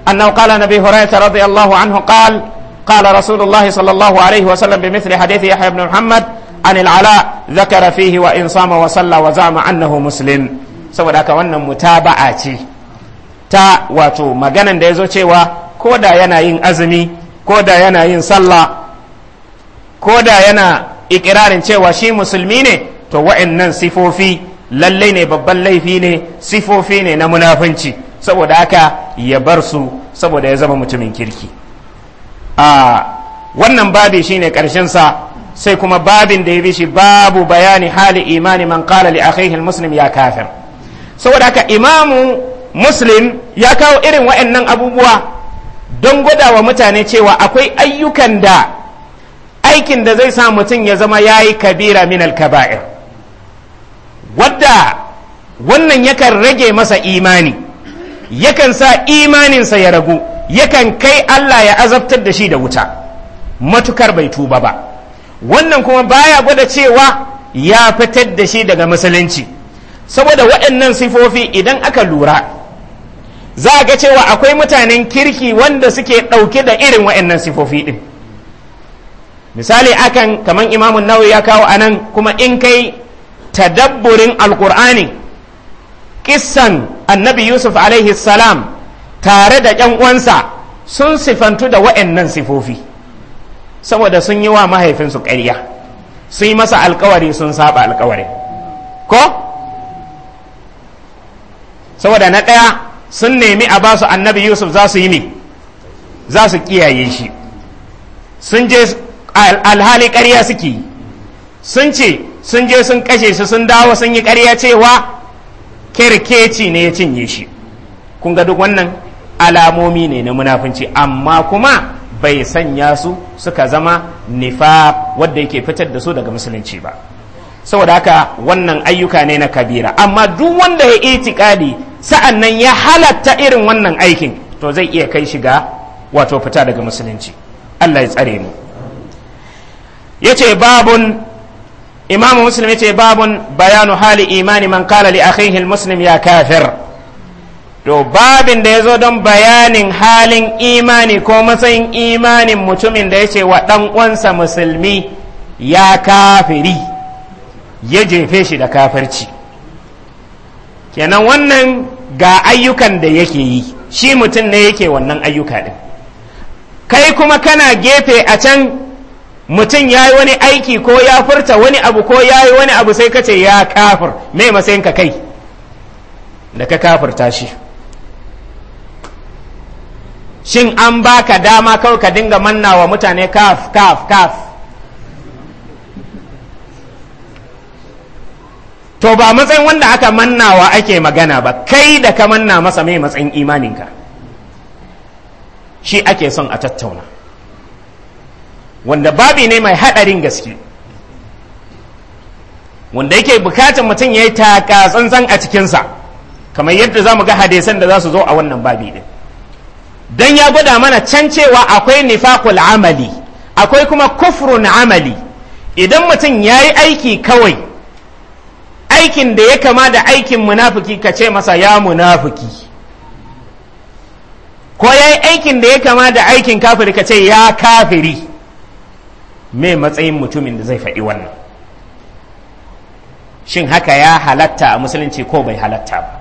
أنه قال عن أبي هريرة رضي الله عنه قال قال رسول الله صلى الله عليه وسلم بمثل حديث يحيى بن محمد عن العلاء ذكر فيه وإن صام وصلى وزعم أنه مسلم saboda haka wannan mutaba'a ce ta wato maganan da ya zo cewa ko da yana yin azumi ko da yana yin sallah ko da yana ikirarin cewa shi musulmi ne to wa'annan sifofi lallai ne babban laifi ne sifofi ne na munafunci saboda haka ya bar su saboda ya zama mutumin kirki a wannan babi shine karshen sa sai kuma babin da ya bi shi babu bayani hali imani man qala li akhihi muslim ya kafir saboda haka imamu muslim ya kawo irin wa'annan abubuwa don gwada wa mutane cewa akwai ayyukan da aikin da zai sa mutum ya zama yayi kabira min al-kaba'ir wadda wannan yakan rage masa imani yakan sa imaninsa ya ragu yakan kai Allah ya azabtar da shi da wuta matukar bai tuba ba wannan kuma baya gwada cewa ya fitar da shi daga musulunci saboda waɗannan sifofi idan aka lura za a ga cewa akwai mutanen kirki wanda suke ɗauke da irin waɗannan sifofi ɗin misali akan kamar imamun nawawi ya kawo anan kuma in kai tadabburin alkur'ani kissan annabi yusuf alaihi salam tare da yan uwansa sun sifantu da wa'annan sifofi saboda sun yi wa mahaifinsu ƙarya sun yi masa alkawari sun saba alkawari ko saboda na ɗaya sun nemi a basu annabi yusuf za su yi ne za su kiyaye shi sun je alhali ƙarya suke sun ce sun je sun kashe shi sun dawo sun yi karya cewa kirkeci ne ya cinye shi kun ga duk wannan alamomi ne na munafunci amma kuma bai sanya su suka zama nifa wadda yake fitar da su daga musulunci ba saboda haka wannan ayyuka ne na kabira amma duk wanda ya itikadi sa'an nan ya halatta irin wannan aikin to zai iya kai shiga wato fita daga musulunci Allah ya tsare mu yace babun imamu muslim yace babun bayanu hali imani man kala li akhihi muslim ya kafir to babin da yazo don bayanin halin imani ko matsayin imanin mutumin da yace wa dan uwansa musulmi ya kafiri ya jefe shi da kafirci kenan wannan ga ayyukan da yake yi shi mutum ne yake wannan ayyuka din kai kuma kana gefe a can mutum ya yi wani aiki ko ya furta wani abu ko ya yi wani abu sai kace ya kafir mai masayin ka kai da ka kafirta shi shin an baka dama kawai ka dinga manna wa mutane kaf kaf kaf to ba matsayin wanda aka manna mannawa ake magana ba kai da ka manna masa mai matsayin imaninka shi ake son a tattauna wanda babi ne mai haɗarin gaske wanda yake bukatar mutum ya yi taka tsantsan a cikinsa kamar yadda za mu ga hadisan da za su zo a wannan babi ɗin don ya gwada mana can cewa akwai nifakul amali akwai kuma kufurun amali idan mutum ya yi aiki kawai aikin da ya kama da aikin munafiki ka ce masa ya munafuki, ko ya yi aikin da ya kama da aikin kafiri ka ce ya kafiri me matsayin mutumin da zai faɗi wannan shin haka ya halatta a musulunci ko bai halatta ba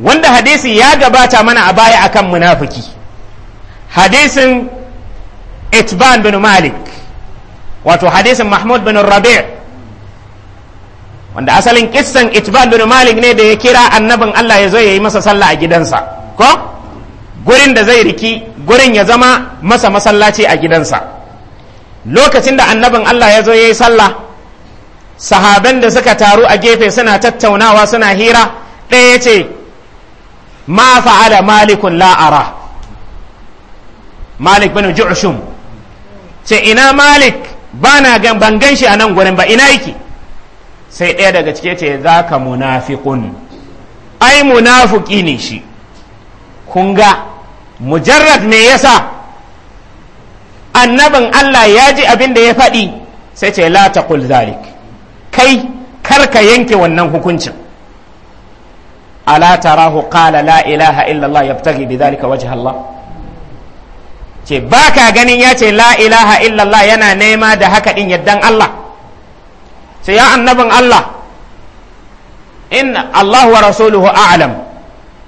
wanda hadisi ya gabata mana a baya akan munafiki hadisin itban bin malik wato hadisin mahmud bin rabi' wanda asalin kissan itban bin malik ne da ya kira annabin allah ya zo ya yi masa sallah a gidansa ko gurin da zai riki gurin ya zama masa masallaci a gidansa lokacin da annabin Allah ya zo ya yi sallah sahaban da suka taru a gefe suna tattaunawa suna hira ɗaya ya ce ma fa'ala malikun la'ara malik bin ju'shum ce ina malik ba na ban gan shi a nan gurin ba ina yake sai ɗaya daga cike ce za ka munafikun. ai munafuki ne shi kun ga mujarrad me yasa annabin Allah ya ji abin da ya faɗi sai ce la taqul zalik kai karka yanke wannan hukuncin ala tarahu qala la ilaha illa Allah yabtaghi bidhalika wajha Allah ce baka ganin ya ce la ilaha illa Allah yana nema da haka din yaddan Allah sai ya annabin Allah in Allah wa rasuluhu a'lam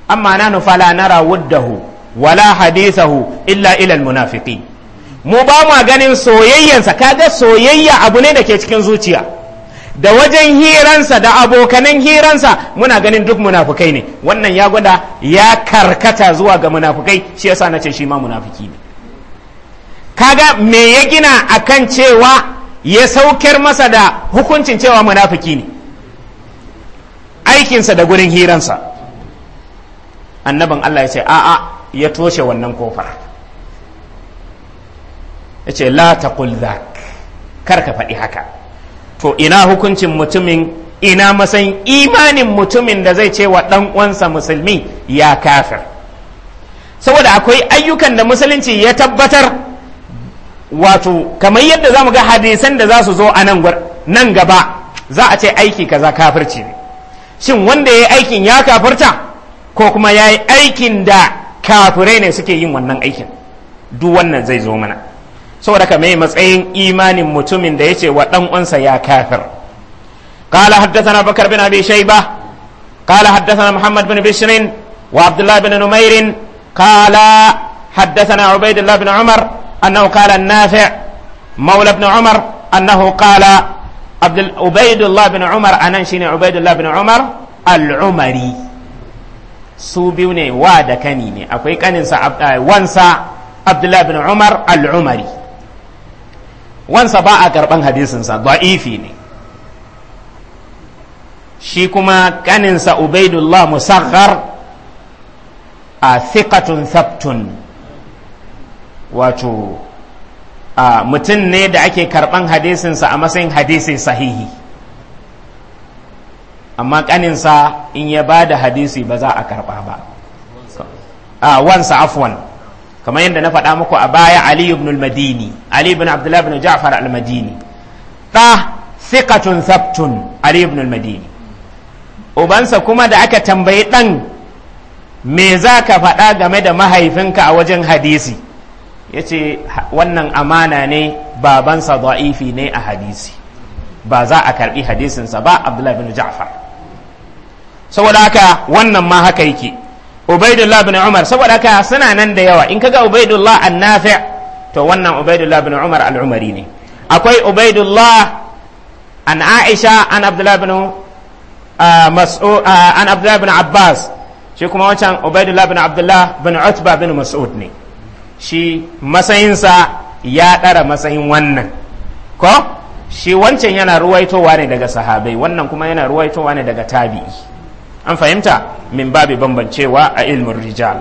amma nanu fala nara wuddahu wala hadithahu illa ila al-munafiqin mu ba mu ganin soyayyansa kaga soyayya abu ne da ke cikin zuciya da wajen hiransa da abokanan hiransa muna ganin duk munafukai ne wannan ya gwada ya karkata zuwa ga munafukai shi yasa na ce shi ma munafuki ne kaga me ya gina akan cewa ya saukar masa da hukuncin cewa munafuki ne aikinsa da gurin hiransa annaban Allah ya ce a'a ya toshe wannan kofar ya ce la taqul kar ka faɗi haka to ina hukuncin mutumin ina masan imanin mutumin da zai ce wa ɗan'uwansa musulmi ya kafir saboda akwai ayyukan da musulunci ya tabbatar wato kamar yadda za mu ga hadisan da za su zo a nan gaba za a ce aiki kaza kafirci ne shin wanda ya yi aikin ya kafirta ko kuma ya yi aikin da kafirai ne suke yin wannan aikin duk wannan zai zo mana saboda ka mai matsayin imanin mutumin da ce wa dan uwansa ya kafir qala haddathana bakar bin abi shayba qala haddathana muhammad bin bishrin wa abdullah bin numair qala haddathana ubaidullah bin umar annahu qala nafi' مولى ابن Umar أنه قال عبد bin Umar بن عمر أنا شيني عبيد الله su biyu ne wa da kani ne akwai kaninsa eh, wansa abdullahi bin umar al'umari. wansa ba a karɓan hadisinsa da'ifi ne shi kuma kaninsa ubaidullah musaghar a thiqatun thabtun wato a mutum ne da ake karɓan hadisinsa a matsayin hadisi sahihi amma kaninsa in ya ba da hadisi ba za a karɓa ba a wansa afwan kamar yadda na faɗa muku a baya ali ibn madini ali ibn abdullah ibn ja'far al-madini ta thiqatun sabtun ali ibn al-madini ubansa kuma da aka tambayi ɗan me za ka faɗa game da mahaifinka a wajen hadisi yace wannan amana ne babansa da'ifi ne a hadisi ba za a karɓi hadisinsa ba abdullahi bin ja'far saboda haka wannan ma haka yake ubaidullah bin umar saboda haka suna nan da yawa in kaga ubaidullah annafi to wannan ubaidullah bin umar al-umari ne akwai ubaidullah an aisha an abdullah bin uh, mas'ud uh, an abdullah bin abbas shi kuma wancan ubaidullah bin abdullah bin utba bin mas'ud ne shi masayinsa ya ɗara matsayin wannan ko shi wancan yana ruwaitowa ne daga sahabai wannan kuma yana ruwaitowa ne daga tabi'i an fahimta min babi bambancewa a ilmin rijal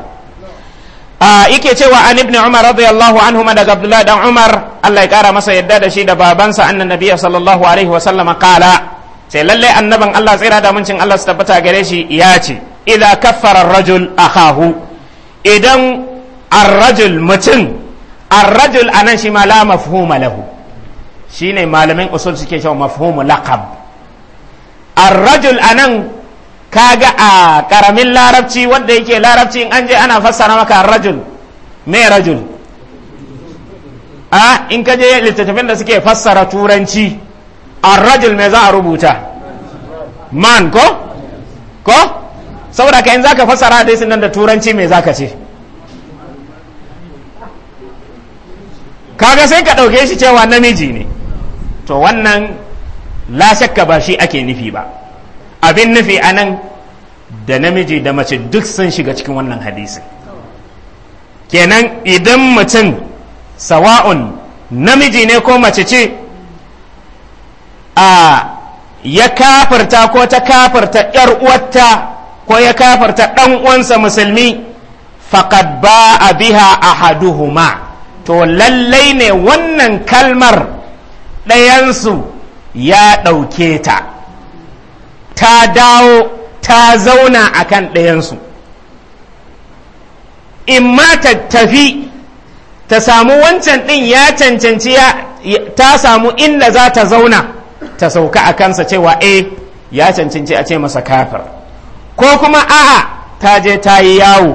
yake cewa an ibn umar radiyallahu anhu daga abdullahi dan umar Allah ya kara masa yadda da shi da babansa annan nabiyya sallallahu alaihi wa sallama qala sai lalle annaban Allah tsira da mincin Allah su tabbata gare shi ya ce idza kaffara rajul akahu idan ar-rajul mutum ar-rajul anan shi ma la mafhuma lahu shine malamin usul suke cewa mafhumu laqab ar-rajul anan kaga a karamin larabci wanda yake larabci in an je ana fassara maka rajul me rajul a in ka je littattafin da suke fassara turanci rajul me za a rubuta man ko ko saboda ka in zaka fassara hadisin nan da turanci me zaka ce kaga sai ka ɗauke shi cewa namiji ne to wannan la shakka ba shi ake nufi ba abin nufi a nan da namiji da mace duk sun shiga cikin wannan hadisin kenan idan mutum sawa'un namiji ne ko mace ce a ya kafarta ko ta kafarta ‘yar uwarta ko ya kafarta ɗan uwansa musulmi faƙad ba a biha ahaduhuma to lallai ne wannan kalmar ɗayansu ya ɗauke ta ta dawo ta zauna a kan ɗayansu in ma ta tafi ta samu wancan ɗin ya cancanci ya ta samu inda za ta zauna ta sauka a kansa cewa eh ya cancanci a ce masa kafir ko kuma a'a ta je ta yi yawo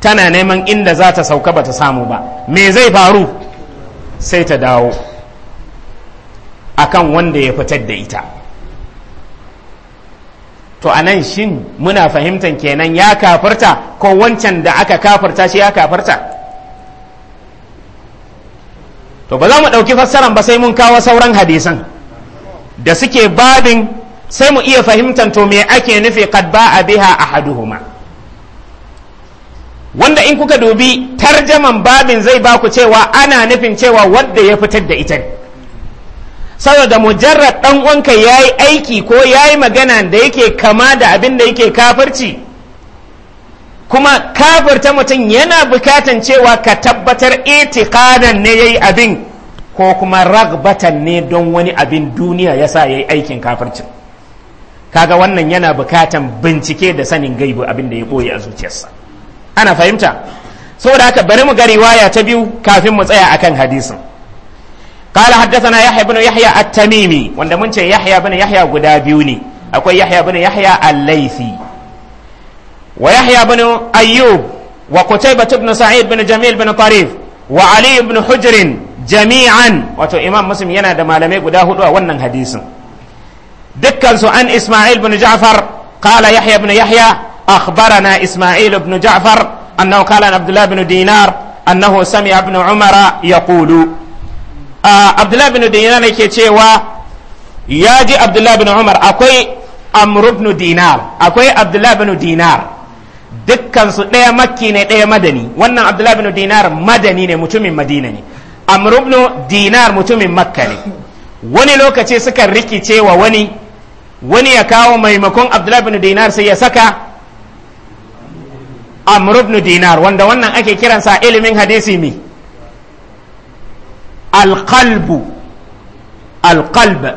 tana neman inda za ta sauka ba ta samu ba me zai faru sai ta dawo akan wanda ya fitar da ita to anan shin muna fahimtan kenan ya kafarta ko wancan da aka kafarta shi ya kafarta to ba za mu ɗauki fassaran ba sai mun kawo sauran hadisan da suke babin sai mu iya fahimtar to me ake nufi kad ba a biha a haduhuma? wanda in kuka dubi tarjaman babin zai ba ku cewa ana nufin cewa wadda ya fitar da ita saboda mujarrad dan uwanka yayi aiki ko yayi magana da yake kama da abin da yake kafirci kuma kafirta mutum yana bukatan cewa ka tabbatar itikadan ne yayi abin ko kuma ragbatan ne don wani abin duniya ya yasa yayi aikin kafirci kaga wannan yana bukatan bincike da sanin gaibu abin da ya koyi a zuciyarsa ana fahimta saboda haka bari mu ga riwaya ta biyu kafin mu tsaya akan hadisin قال حدثنا يحيى Yahya يحيى التميمي wanda mun ce Yahya bin Yahya guda biyu ne akwai Yahya bin Yahya al-Laythi wa Yahya bin Ayyub wa Qutaybah ibn Sa'id bin Jamil bin Tarif wa Ali ibn Hujr jami'an wato Imam Muslim yana da malamai guda hudu a wannan hadisin Dukkansu an Isma'il bin Ja'far qala Yahya binu Yahya na Isma'il ibn Ja'far annahu qala Abdullah bin Dinar annahu sami'a ibn Umara yaqulu Ah, abdullahi bin dinar ke cewa ya ji abdullahi bin umar akwai amr ibn dinar akwai abdullahi bin dinar dukkan su ɗaya makki ne ɗaya madani wannan abdullahi bin dinar madani ne mutumin madina ne amr ibn dinar mutumin makka ne wani lokaci suka rikice wa wani wani ya kawo maimakon abdullahi bin dinar sai ya saka amr ibn dinar wanda wannan ake kiransa ilimin hadisi mi alƙalbu alƙalba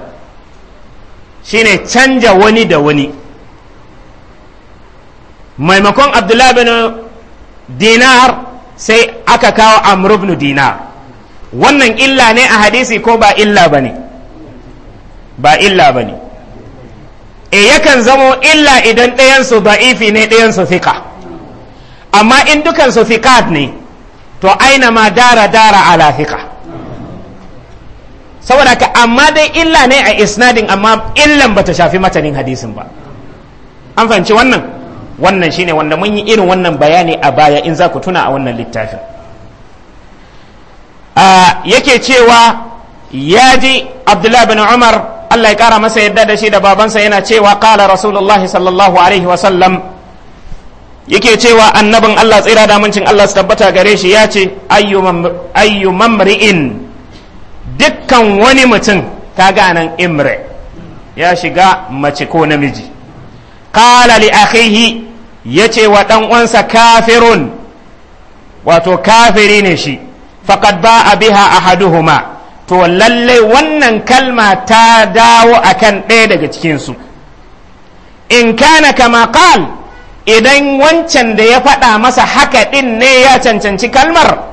shine canja wani da wani maimakon abdullahi bin dinar sai aka kawo amrubnu Dina dinar wannan illa ne a hadisi ko ba illa ba ne ba illa ba ne e yakan zamo illa idan ɗayansu da'ifi ne ɗayansu fika amma in dukansu fiƙa ne to aina ma dara dara ala fika saboda ka amma dai illa ne a isnadin amma illan bata shafi matanin hadisin ba an fahimci wannan wannan shine wanda mun yi irin wannan bayani a baya in za ku tuna a wannan littafin yake cewa ya ji abdullahi bin umar allah ya kara masa yadda da shi da babansa yana cewa kala rasulullahi sallallahu alaihi wasallam yake cewa annabin allah tsira da amincin allah su tabbata gare shi ya ce ayyu mamri'in dukkan wani mutum ta nan imre ya shiga mace ko namiji ƙala li ya ce wa ɗanuwansa kafirun wato kafiri ne shi ba a biha a haduhuma to lallai wannan kalma ta dawo a kan ɗaya daga cikinsu. in kana kama ƙal idan wancan da ya faɗa masa haka ɗin ne ya cancanci kalmar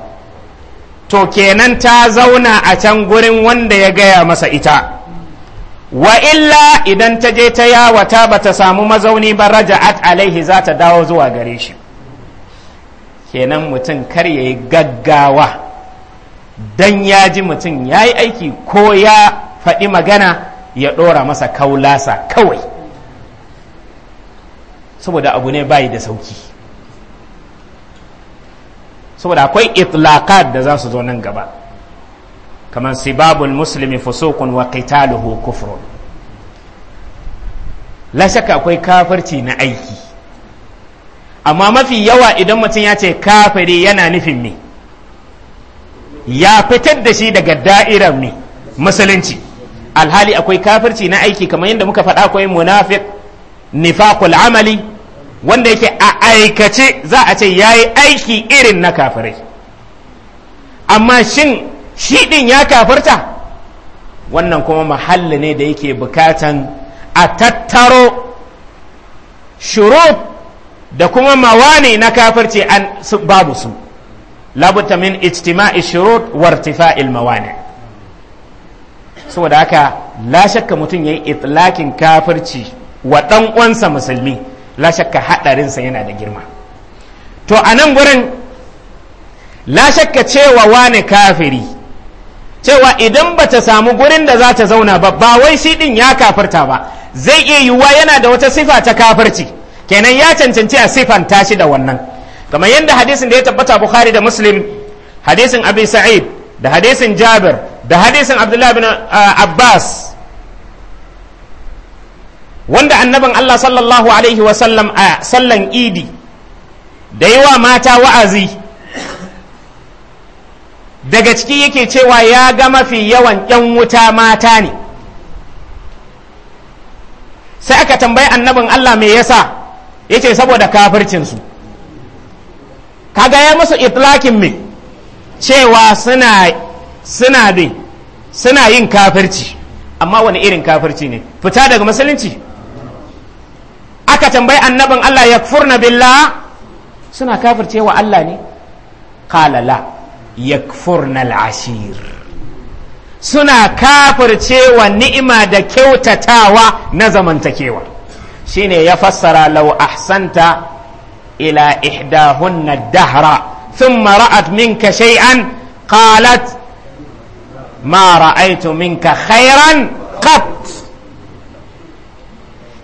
to kenan ta zauna a can gurin wanda ya gaya masa ita wa illa idan ta je ta yawata ba ta samu mazauni ba raja'at alaihi za ta dawo zuwa gare shi kenan mutum kar ya yi gaggawa don ya ji mutum ya yi aiki ko ya faɗi magana ya ɗora masa kaulasa kawai saboda abu ne bayi da sauki saboda akwai itlaqat da za su zo nan gaba kamar sibabul muslimi fusuqun wa qitaluhu kufrun la shakka akwai kafirci na aiki amma mafi yawa idan mutum ya ce kafiri yana nufin me ya fitar da shi daga da'irar me musulunci alhali akwai kafirci na aiki kamar yadda muka faɗa akwai munafiq nifaqul amali wanda yake a aikace za a ce ya yi aiki irin na kafirai amma shin shiɗin ya kafarta wannan kuma mahalli ne da yake bukatan a tattaro shurut da kuma mawani na kafirci an babu su labuta min ijtima'i shurut wa mawani saboda haka la shakka mutum yayi itlakin kafirci wa dan uwansa musulmi la shakka haɗarinsa yana da girma to a nan gurin la shakka cewa wane kafiri cewa idan ba ta samu gurin da za ta zauna ba ba wai shi ɗin ya kafirta ba zai iya yiwuwa yana da wata sifa ta kafirci kenan ya cancanci a sifan tashi da wannan kamar yadda hadisin da ya tabbata bukhari da muslim hadisin abi sa'id da hadisin jabir da hadisin abdullahi bin uh, abbas wanda annabin Allah sallallahu alaihi wasallam a sallan idi da yawa mata wa'azi daga ciki yake cewa ya ga mafi yawan ‘yan wuta mata ne sai aka tambayi annabin Allah mai yasa ya ce saboda kafircinsu kaga ya musu itlakin me cewa suna suna yin kafirci amma wani irin kafirci ne fita daga musulunci aka tambayi annabin Allah ya kfurna billah suna kafirce wa Allah ne qala la yakfurna al suna kafirce wa ni'ima da kyautatawa na zamantakewa shine ya fassara lau ahsanta ila ihdahunna dahra ثم رأت minka شيئا قالت ma رأيت minka خيرا قط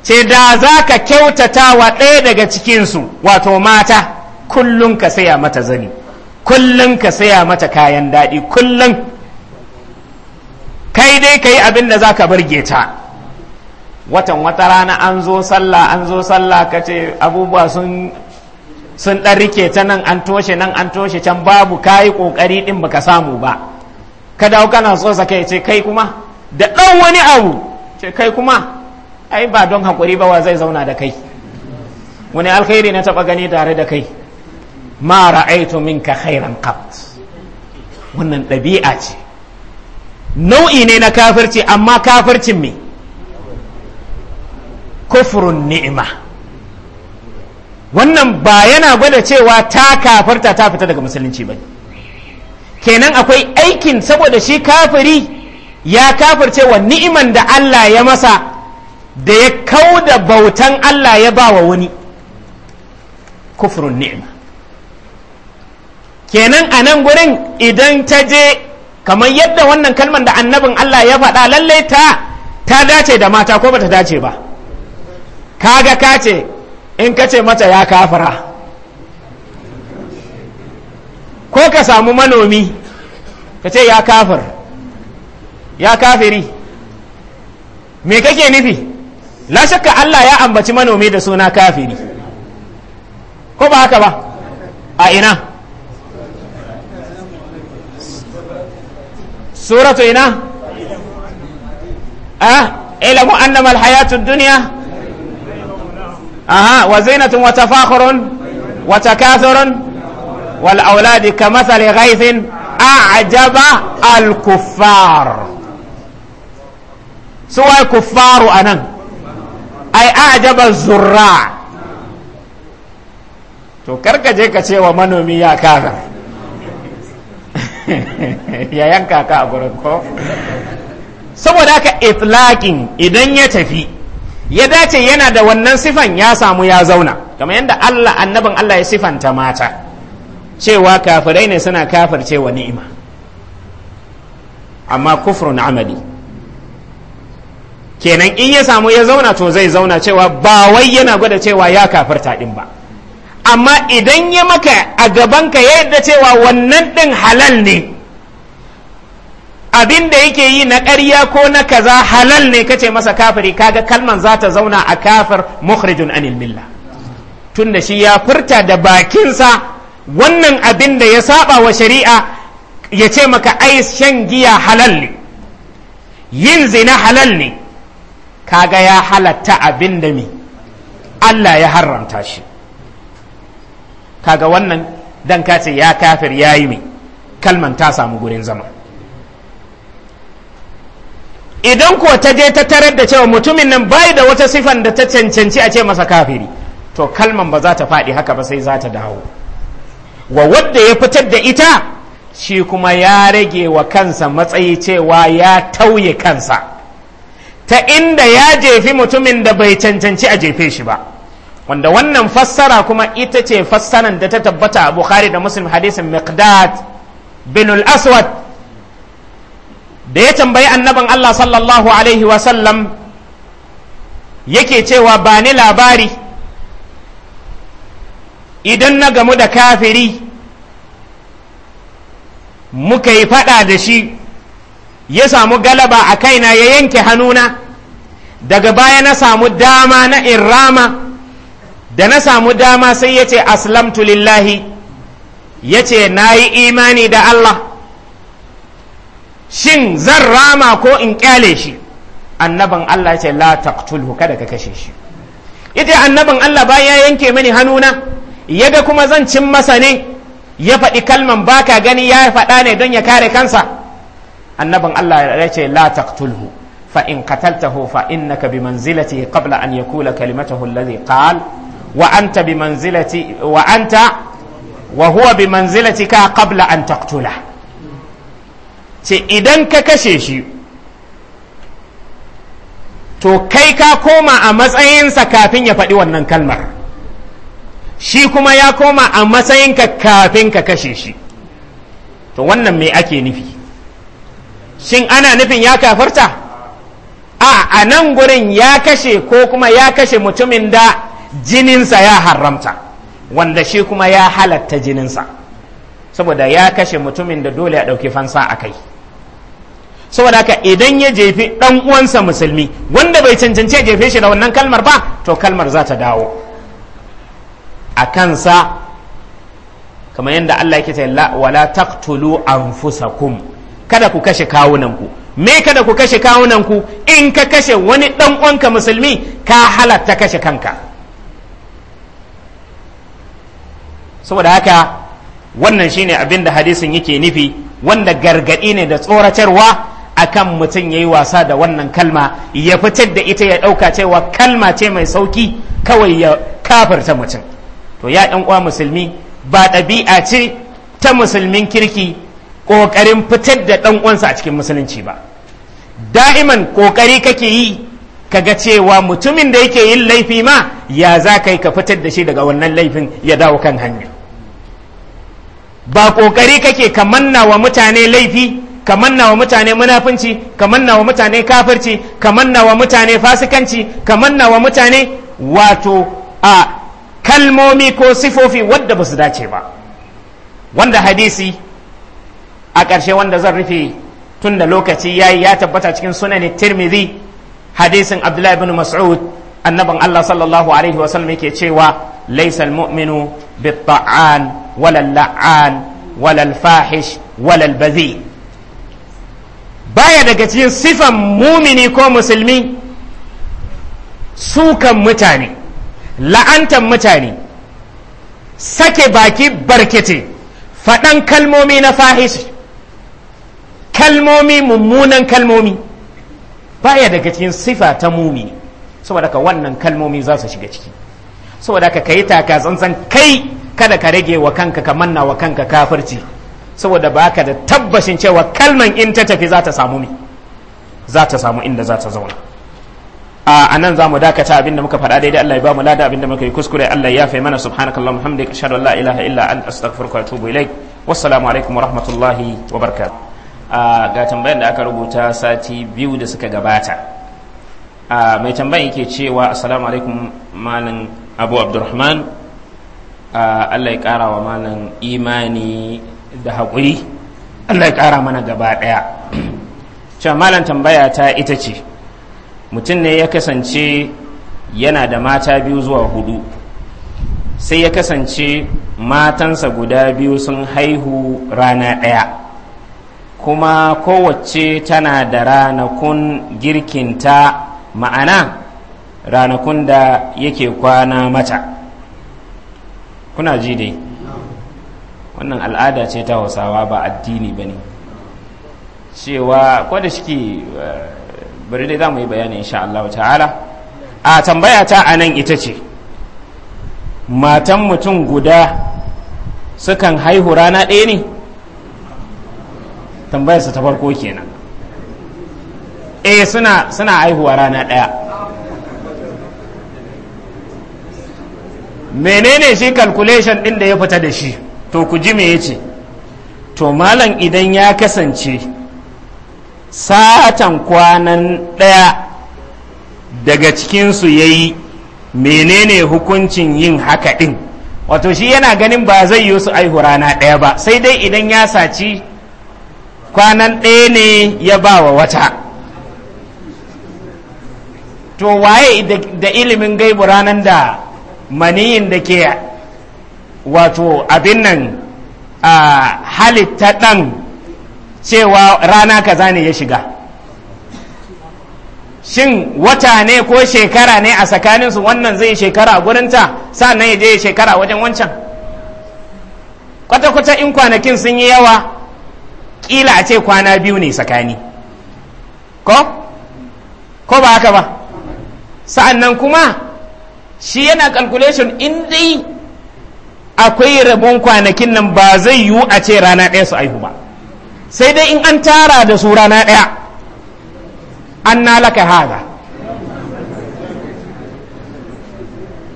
ce da za ka kyautata wa ɗaya daga cikinsu wato mata kullum ka saya mata zani kullum ka saya mata kayan daɗi kullum kai dai ka yi abin da za ka birge ta watan wata rana an zo sallah an zo sallah ka ce abubuwa sun sun ɗan rike ta nan an toshe nan an toshe can babu kayi ƙoƙari ɗin baka samu ba ka dawo kana so kai ce kai kuma da ɗan wani abu ce kai kuma ai ba don hakuri ba wa zai zauna da kai wani alkhairi na taba gani tare da kai ma ra'aitu minka khairan qat wannan ɗabi'a ce nau'i ne na kafirci amma kafircin me kufrun ni'ima wannan ba yana gwada cewa ta kafirta ta fita daga musulunci ba kenan akwai aikin saboda shi kafiri ya kafirce wa ni'iman da Allah ya masa da ya kau da bautan Allah ya ba wa wani kufurin ni'ima kenan a nan gurin idan ta je kamar yadda wannan kalmar da annabin Allah ya faɗa lallai ta ta dace da mata ko bata dace ba kaga ka ce in ka ce mata ya kafara ko ka samu manomi ka ce ya kafir ya kafiri me kake nufi la shakka Allah ya ambaci manomi da suna kafiri ko ba haka ba a ina suratu ina a ilamu annama alhayatu duniya aha wa zainatun wa tafakhurun wa takathurun wal auladi kamathali ghaythin a'jaba al kuffar suwa kuffaru anan ai ajaba zurra to karkaje ka ce wa manomi ya kaza ya yanka ka a gurin ko saboda haka itlaƙin idan ya tafi ya dace yana da wannan sifan ya samu ya zauna kamar yadda Allah annabin Allah ya sifanta mata cewa kafirai ne suna kafirce wa ni'ima amma kufrun amali kenan in ya samu ya zauna to zai zauna cewa ba wai yana gwada cewa ya kafirta din ba amma idan ya maka a gabanka ya yadda cewa wannan din halal ne abin da yake yi na ƙarya ko na kaza halal ne kace masa kafiri kaga kalman za ta zauna a kafir mukhrijun anil milla tunda shi ya furta da bakinsa wannan abin da ya saba wa shari'a ya ce maka ai shan giya halal ne yin zina halal ne kaga ya halatta abin da mi Allah ya haramta shi kaga wannan dan ka ya kafir ya yi mai kalman ta samu gurin zama idan ko ta je ta tarar da cewa mutumin nan bai da wata sifan da ta cancanci a ce masa kafiri to kalman ba za ta faɗi haka ba sai za ta dawo wa wadda ya fitar da ita shi kuma ya rage wa kansa matsayi cewa ya tauye kansa ta inda ya jefi mutumin da bai cancanci a jefe shi ba wanda wannan fassara kuma ita ce fassaran da ta tabbata a bukhari da muslim hadisin miqdad bin al-aswad da ya tambayi annabin allah sallallahu alaihi wasallam yake cewa ba ni labari idan na gamu da kafiri muka yi fada da shi ya samu galaba a kaina ya yanke hannuna daga baya na samu dama na irama da na samu dama sai ya ce aslamtu lillahi ya ce na yi imani da Allah shin zan rama ko in kyale shi annaban Allah ce la taqtulhu kada ka kashe shi ita annaban Allah ba ya yanke mani hannuna ya ga kuma zan cin masa ne ya faɗi kalman baka gani ya faɗa ne don ya kare kansa annaban Allah ya ce la taqtulhu فإن قتلته فإنك بمنزلته قبل أن يقول كلمته الذي قال وأنت بمنزلتي وأنت وهو بمنزلتك قبل أن تقتله إذن ككشيشي to kai ka koma a matsayinsa kafin ya faɗi wannan kalmar shi kuma ya koma a matsayinka kafin ka kashe shi to wannan me ake nufi shin ana nufin ya kafarta a a nan gurin ya kashe ko kuma ya kashe mutumin da jininsa ya haramta wanda shi kuma ya halatta jininsa saboda ya kashe mutumin da dole a ɗauki fansa a kai saboda haka idan ya jefi ɗan uwansa musulmi wanda bai cancanci ya jefe shi da wannan kalmar ba to kalmar za ta dawo a kansa kamar yadda Allah ta ce wala taqtulu anfusakum kada ku kashe kawunanku me kada ku kashe kawunanku in ka kashe wani ɗan uwanka musulmi ka halatta kashe kanka saboda haka wannan shine abin da hadisin yake nufi wanda gargadi ne da tsoratarwa akan mutum ya yi wasa da wannan kalma ya fitar da ita ya ɗauka cewa kalma ce mai sauki kawai ya kafarta mutum to ya ɗan uwa musulmi ba ɗabi'a ce ta musulmin kirki ƙoƙarin fitar da ɗan uwansa a cikin musulunci ba da'iman ƙoƙari kake yi kaga cewa mutumin da yake yin laifi ma ya za ka yi ka fitar da shi daga wannan laifin ya dawo kan hanya ba ƙoƙari kake ka manna wa mutane laifi ka manna wa mutane munafunci ka manna wa mutane kafirci ka manna wa mutane fasikanci ka manna wa mutane wato a kalmomi ko sifofi wadda ba su dace ba wanda hadisi a ƙarshe wanda zan rufe tun da lokaci ya yi ya tabbata cikin sunan tirmidhi hadisin abdullahi bin mas'ud annaban allah sallallahu alaihi wa sallam yake cewa laisal muminu bitta'an walal la'an walal fahish walal bazi baya daga cikin sifan mumini ko musulmi sukan mutane la'antan mutane sake baki barkete faɗan kalmomi na fahish kalmomi mummunan kalmomi baya daga cikin sifa ta mumini saboda ka wannan kalmomi za su shiga ciki saboda ka kai taka tsantsan kai kada ka rage wa kanka ka manna wa kanka kafirci saboda ba ka da tabbashin cewa kalman in ta tafi za ta samu mi za ta samu inda za ta zauna a anan za mu dakata abin da muka faɗa daidai Allah ya ba mu lada da muka yi kuskure Allah ya yafe mana subhanakallahumma hamdika ashhadu an la ilaha illa anta astaghfiruka wa atubu ilaik wassalamu alaikum wa rahmatullahi wa barakatuh ga tambayar da aka rubuta sati biyu da suka gabata mai tambayin ke cewa assalamu alaikum malin abu abdurrahman allah ya kara wa malin imani da haƙuri allah ya kara mana gaba ɗaya cewa malin tambaya ta ita ce mutum ne ya kasance yana da mata biyu zuwa hudu sai ya kasance matansa guda biyu sun haihu rana ɗaya kuma kowace tana da ranakun girkinta ma'ana ranakun da yake kwana mata kuna ji dai wannan al'ada ce ta hausawa ba addini ba ne cewa kwada shike eh, bari dai za mu yi bayani insha Allah ta'ala a tambaya ta a nan ita ce matan mutum guda sukan haihu rana ɗaya ne tambayarsa ta farko kenan eh suna suna aihuwa rana ɗaya menene shi calculation ɗin da ya fita da shi to ku ji me yace to malam idan ya kasance satan kwanan ɗaya daga cikinsu ya yi menene hukuncin yin haka ɗin wato shi yana ganin ba zai yi su aihu rana ɗaya ba sai dai idan ya saci kwanan ɗaya ne ya ba wa wata to waye da ilimin gaibu ranar da maniyin da ke wato abin nan a halitta ɗan cewa rana kaza ne ya shiga shin wata ne ko shekara ne a tsakaninsu wannan zai shekara a gurinta sa'an nan ya je shekara wajen wancan kwata-kwata in kwanakin sun yi yawa kila a ce kwana biyu ne tsakani ko ko ba haka ba sa'an nan kuma shi yana calculation in dai akwai rabon kwanakin nan ba zai yiwu a ce rana ɗaya su aihu ba sai dai in an tara da su rana ɗaya an na laka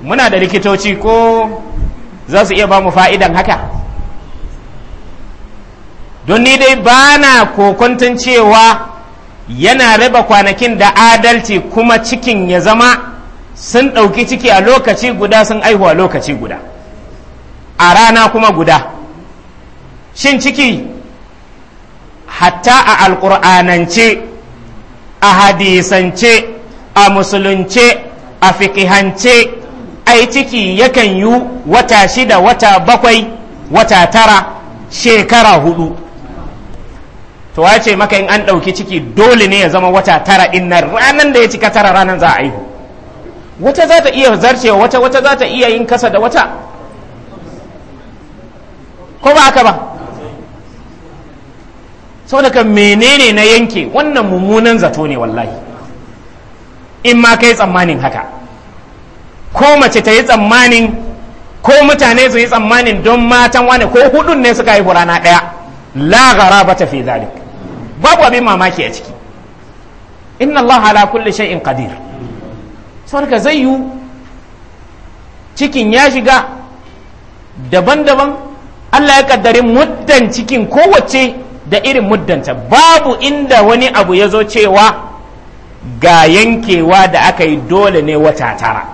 muna da likitoci ko za su iya ba mu fa'idan haka don ni dai ba na kokonton cewa yana raba kwanakin da adalci kuma cikin ya zama sun ɗauki ciki a lokaci guda sun a lokaci guda a rana kuma guda shin ciki hatta a alƙur'anance a hadisance a musulunce a fikihance ai ciki yakan yi wata shida wata bakwai wata tara shekara hudu to wace maka in an ɗauki ciki dole ne ya zama wata tara inna ranan da ya cika tara ranan za a aihu wata za ta iya zarcewa wata wata za ta iya yin kasa da wata ko ba aka ba saboda menene na yanke wannan mummunan zato ne wallahi in ma ka yi tsammanin haka ko mace ta yi tsammanin ko mutane su yi tsammanin don matan wane ko hudun ne suka yi rana ɗaya la gara ba ta fi zalik babu abin mamaki a ciki inna Allah ala kulli shay'in qadir saboda zai yi cikin ya shiga daban-daban Allah ya kaddare muddan cikin kowace da irin muddanta babu inda wani abu ya zo cewa ga yankewa da aka yi dole ne wata tara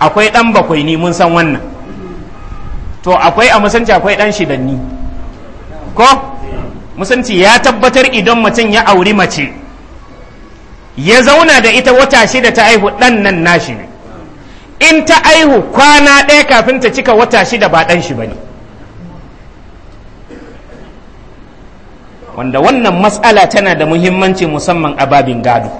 akwai ɗan bakwai ni mun san wannan to akwai a musanci akwai ɗan shidanni ko musanci ya tabbatar idan mutum ya auri mace ya zauna da ita wata shida ta aihu ɗan nan nashi ne in ta aihu kwana ɗaya kafin ta cika wata shida ba ɗan shi ba ne wanda wannan matsala tana da muhimmanci musamman a babin gado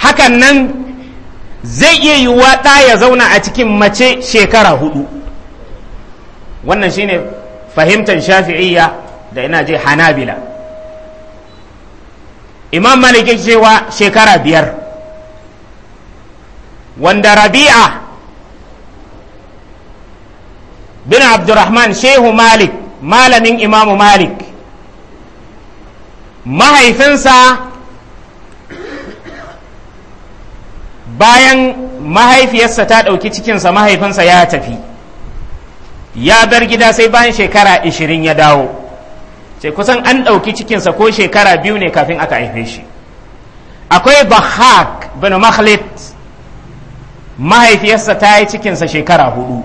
hakan nan zai iya yiwuwa ɗa ya zauna a cikin mace shekara hudu wannan shine fahimtar shafi'iyya da ina je hanabila imam malik cewa shekara biyar wanda rabi'a bin abdurrahman shehu malik malamin imamu malik mahaifinsa bayan mahaifiyarsa ta ɗauki cikinsa mahaifinsa ya tafi ya bar gida sai bayan shekara ishirin ya dawo sai kusan an ɗauki cikinsa ko shekara biyu ne kafin aka haife shi akwai bahak bin makhlit mahaifiyarsa ta yi cikinsa shekara hudu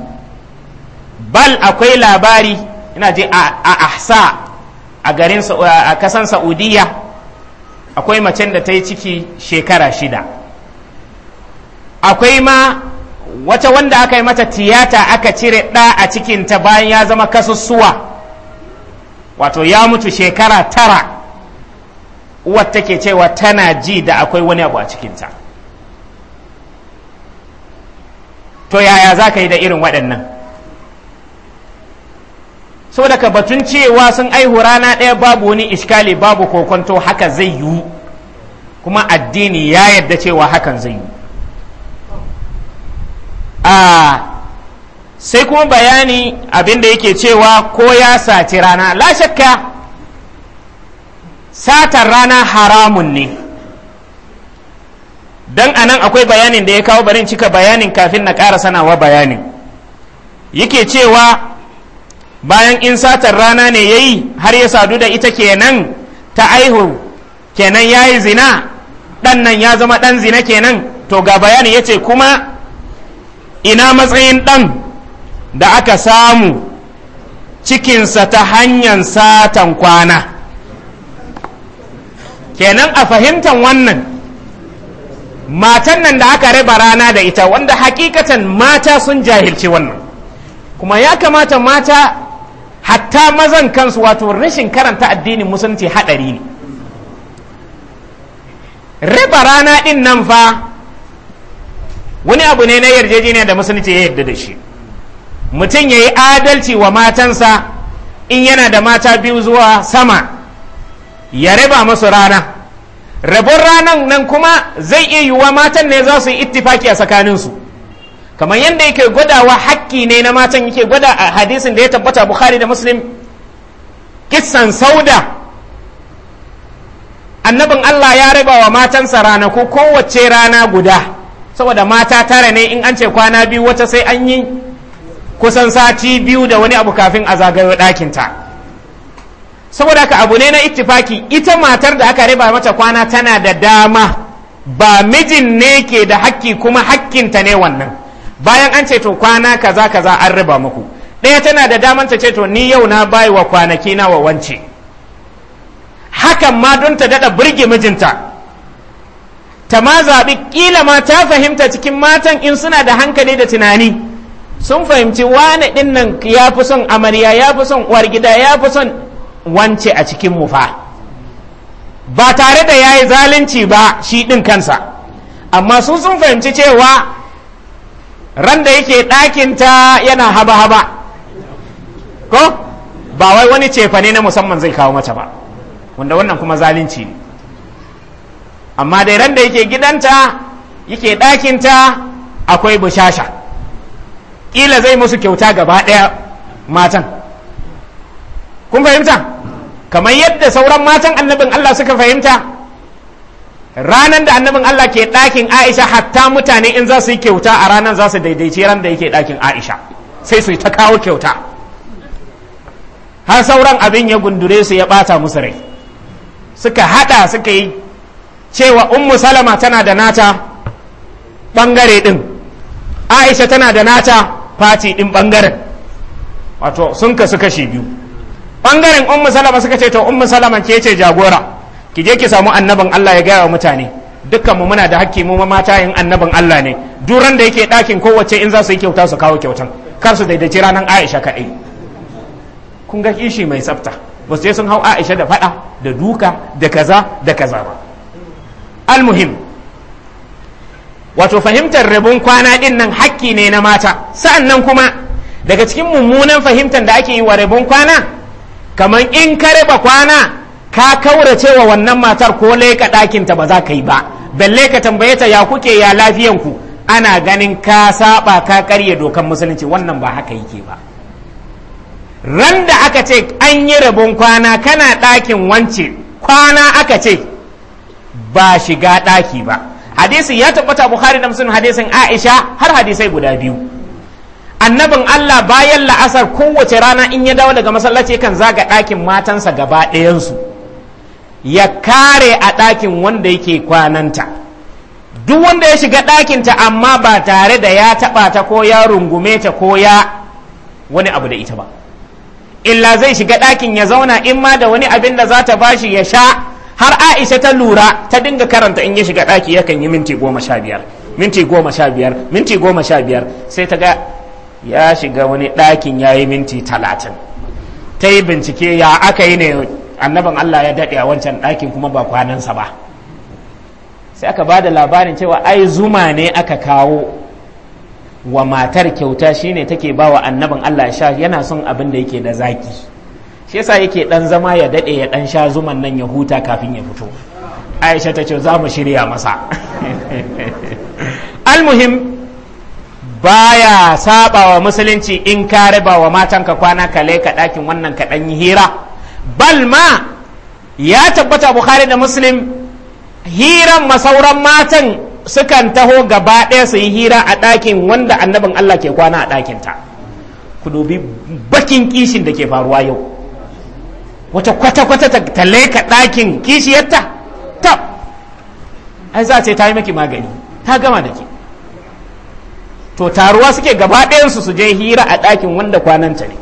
bal akwai labari ina je a ahsa a garin a kasan saudiya akwai macen da ta yi ciki shekara shida akwai ma wata wanda aka yi mata tiyata aka cire ɗa a cikinta bayan ya zama kasussuwa wato ya mutu shekara tara uwar take cewa tana ji da akwai wani abu a cikinta to yaya za ka yi da irin waɗannan so daga batun cewa sun aihu rana ɗaya babu wani iskali babu kokonto haka zai yiwu kuma addini ya yarda cewa hakan zai yiwu sai kuma bayani abinda yake cewa ko ya saci rana la shakka satar rana haramun ne don anan akwai bayanin da ya kawo barin cika bayanin kafin na ƙara sanawa bayanin yake cewa bayan in satar rana ne ya yi har ya sadu da ita kenan ta aihu kenan ya yi zina ɗan nan ya zama ɗan zina kenan to ga bayani ya ce kuma ina matsayin ɗan da aka samu cikinsa ta hanyar satan kwana kenan a fahimtar wannan matan nan da aka raba rana da ita wanda hakikatan mata sun jahilci wannan kuma ya kamata mata hatta mazan kansu wato rashin karanta addinin musulunci haɗari ne raba rana ɗin nan fa wani abu ne na yarjejeniya da musulunci ya yarda da shi mutum ya yi adalci wa matansa in yana da mata biyu zuwa sama ya raba masu rana rabon ranan nan kuma zai iya yiwuwa matan ne za su yi ittifaki a tsakaninsu kamar yadda yake gwadawa hakki ne na matan yake gwada a hadisin da ya tabbata bukhari da muslim kissan sauda annabin allah ya raba wa matansa ranaku kowace rana guda saboda mata tara ne in an ce kwana biyu wata sai an yi kusan sati biyu da wani abu kafin a zagayo ɗakinta saboda ka abu ne na ittifaki ita matar da aka riba mata kwana tana da dama ba mijin ne ke da hakki kuma hakkinta ne wannan bayan an ce to kwana kaza kaza an riba muku ɗaya tana da damar ta ce to ni yau na bayi wa kwanaki na wa wance hakan ma don ta daɗa burge mijinta ta ma zaɓi ƙila ma ta fahimta cikin matan in suna da hankali da tunani sun fahimci wane ɗin nan ya fi son amarya ya fi son uwar gida ya fi son wance a cikin mu fa ba tare da ya yi zalunci ba shi ɗin kansa amma su sun fahimci cewa ran da yake ɗakinta yana haba-haba ko ba wai wani cefane na musamman zai kawo mata ba wanda wannan kuma zalunci ne amma dai ran da yake gidanta yake ɗakinta akwai bushasha ƙila zai musu kyauta gaba ɗaya matan kun fahimta kamar yadda sauran matan annabin Allah suka fahimta ranan da annabin Allah ke ɗakin Aisha hatta mutane in za su yi kyauta a ranar za su daidaici ran da yake ɗakin Aisha sai su yi ta kawo kyauta har sauran abin ya gundure su ya ɓata musu rai suka haɗa suka yi cewa ummu salama tana da nata bangare din aisha tana da nata fati din bangaren wato sun kasu kashi biyu bangaren ummu salama suka ce to ummu salama ke ce jagora ki je ki samu annaban Allah ya gaya wa mutane dukkan mu muna da hakki mu mata yin annaban Allah ne duran da yake dakin kowace in za su yi kyauta su kawo kyautan kar su daidaici ranar Aisha kaɗai kun ga kishi mai tsafta ba su sun hau Aisha da faɗa da duka da kaza da kaza ba almuhim wato fahimtar rabin kwana din nan hakki ne na mata sa'an nan kuma daga cikin mummunan fahimtar da ake yi wa rabin kwana kamar in ka raba kwana ka kauracewa cewa wannan matar ko laika ɗakinta ba za ka yi ba balle ka tambaye ta ya kuke ya lafiyan ku ana ganin ka saba ka karya dokan musulunci wannan ba haka yake ba ran da aka ce an yi rabon kwana kana ɗakin wance kwana aka ce ba shiga ɗaki ba hadisin ya tabbata bukhari da muslim hadisin aisha har hadisai guda biyu annabin allah bayan la'asar kowace rana in ya dawo daga masallaci kan zaga ɗakin matansa gaba ɗayansu ya kare a ɗakin wanda yake kwananta duk wanda ya shiga ɗakinta amma ba tare da ya taɓa ta ko ya rungume ta ko ya wani abu da ita ba illa zai shiga ɗakin ya zauna in ma da wani abin da za ta bashi ya sha har aisha ta lura ta dinga karanta in ya shiga ɗaki yakan yi minti goma sha biyar minti goma sha biyar minti goma sha biyar sai ta ga ya shiga wani ɗakin ya yi minti talatin ta yi bincike ya aka yi ne annabin allah ya daɗe a wancan ɗakin kuma ba kwanansa ba sai aka ba da labarin cewa ai zuma ne aka kawo wa matar kyauta shine take bawa wa annabin allah sha yana son abin da yake da zaki shi yasa yake dan zama ya dade ya dan sha zuman nan ya huta kafin ya fito aisha ta ce za mu shirya masa almuhim baya wa musulunci in ka raba wa ka kwana kale ka dakin wannan ka dan yi hira bal ma ya tabbata bukhari da muslim hiran masauran matan sukan taho gaba ɗaya su yi hira a ɗakin wanda annabin allah ke kwana a ta ku dubi bakin kishin da ke faruwa yau wata kwata-kwata ta leka ɗakin kishiyarta ta ai za a ce ta yi maki magani ta gama da ke to taruwa suke gaba ɗayansu su je hira a ɗakin wanda kwananta ne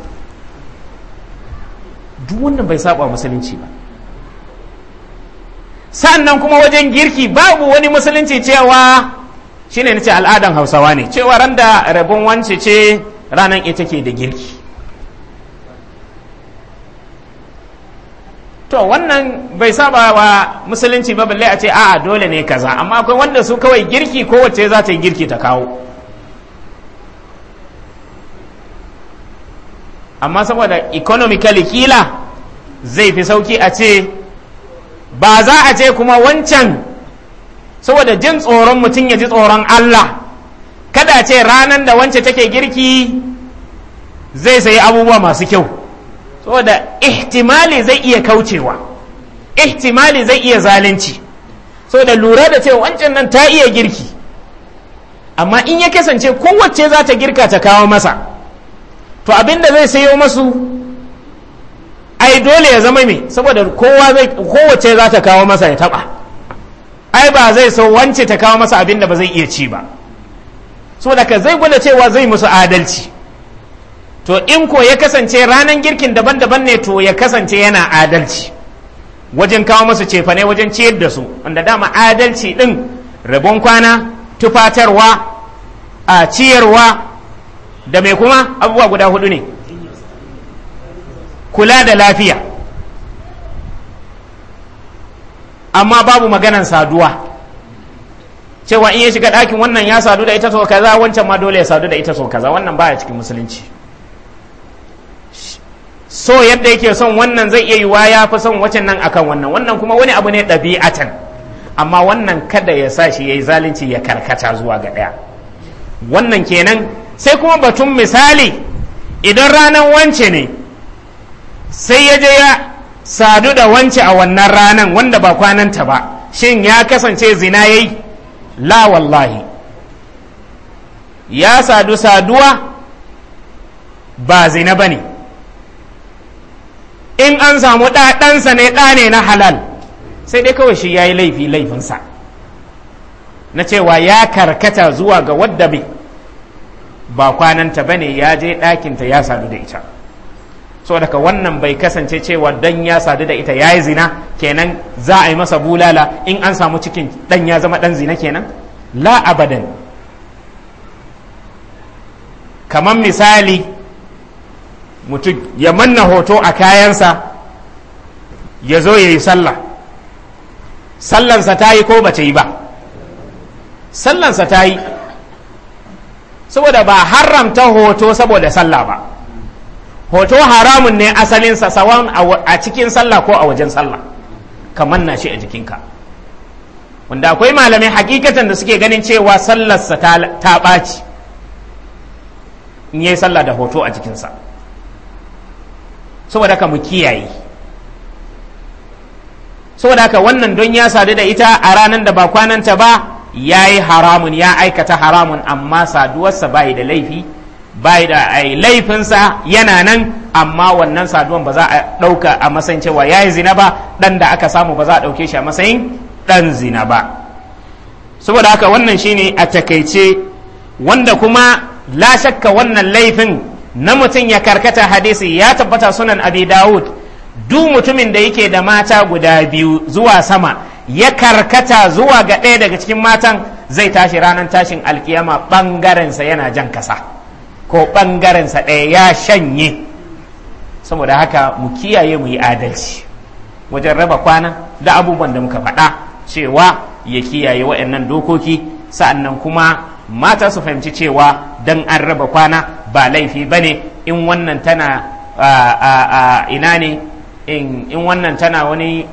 duk wannan bai saba musulunci ba sannan kuma wajen girki babu wani musulunci cewa shine nace al'adan hausawa ne cewa ran da rabon wance ce ranan ita ke da girki to wannan bai saba wa musulunci ba balle a ce a'a dole ne kaza amma akwai wanda su kawai girki kowace za ta yi girki ta kawo amma saboda economically kila zai fi sauki a ce ba za a ce kuma wancan saboda jin tsoron mutum ya ji tsoron Allah kada ce ranar da wance take girki zai sayi abubuwa masu kyau saboda ihtimali zai iya kaucewa ihtimali zai iya zalunci da lura da cewa wancan nan ta iya girki amma in ya kasance kowace za ta girka ta kawo masa to abinda zai sayo masu ai dole ya zama mai saboda kowa kowace za ta kawo masa ya taba ai ba zai so wance ta kawo masa abinda ba zai iya ci ba saboda ka zai gwada cewa zai musu adalci to in ko ya kasance ranan girkin daban-daban ne to ya kasance yana adalci wajen kawo masu cefane wajen ciyar da su wanda dama adalci ɗin rabon kwana tufatarwa a ciyarwa da mai kuma abubuwa guda hudu ne kula da lafiya amma babu maganan saduwa cewa in ya shiga ɗakin wannan ya sadu da ita so kaza wancan ma dole ya sadu da ita so kaza wannan baya cikin musulunci so yadda yake son wannan zai iya yiwa ya fi son wacan nan akan wannan wannan kuma wani abu ne ɗabi'atan amma wannan kada ya sa shi ya yi zalunci ya karkata zuwa ga ɗaya wannan kenan sai kuma batun misali idan ranar wance ne sai ya je ya sadu da wance a wannan ranar wanda ba kwananta ba shin ya kasance zina yayi la wallahi ya sadu saduwa ba zina ba ne in an samu ɗansa ne ɗa ne na halal sai dai kawai shi ya yi laifi laifinsa na cewa ya karkata zuwa ga wadda bai ba kwananta ba ne ya je ɗakinta ya sadu da ita so daga wannan bai kasance cewa dan ya sadu da ita ya yi zina kenan za a yi masa bulala in an samu cikin dan ya zama dan zina kenan la abadan kamar misali mutum ya manna hoto a kayansa ya zo ya yi sallah sallansa ta yi ko ba ta yi ba sallansa ta yi saboda ba haramta hoto saboda sallah ba hoto haramun ne asalinsa sawan a cikin sallah ko a wajen sallah ka manna shi a jikinka wanda akwai malamai hakikatan da suke ganin cewa sallarsa ta ɓaci in yi sallah da hoto a jikinsa saboda ka mu kiyaye saboda ka wannan don ya sadu da ita a ranar da ba kwananta ba ya yi haramun ya aikata haramun amma saduwarsa ba yi da laifi ba yi da ai laifinsa yana nan amma wannan saduwan ba za a ɗauka a matsayin cewa ya yi zina ba ɗan da aka samu ba za a ɗauke shi a matsayin ɗan zina ba saboda haka wannan shine a takaice wanda kuma la shakka wannan laifin na mutum ya karkata hadisi ya tabbata sunan abi dawud duk mutumin da yake da mata guda biyu zuwa sama ya karkata zuwa ga ɗaya daga cikin matan zai tashi ranar tashin alkiyama ɓangarensa yana jan kasa ko ɓangarensa ɗaya ya shanye saboda haka mu kiyaye mu yi adalci wajen raba kwana da abubuwan da muka faɗa cewa ya kiyaye waɗannan dokoki sa'annan kuma mata su fahimci cewa dan an raba kwana ba laifi ba ne in wannan tana ina ne in wannan tana wani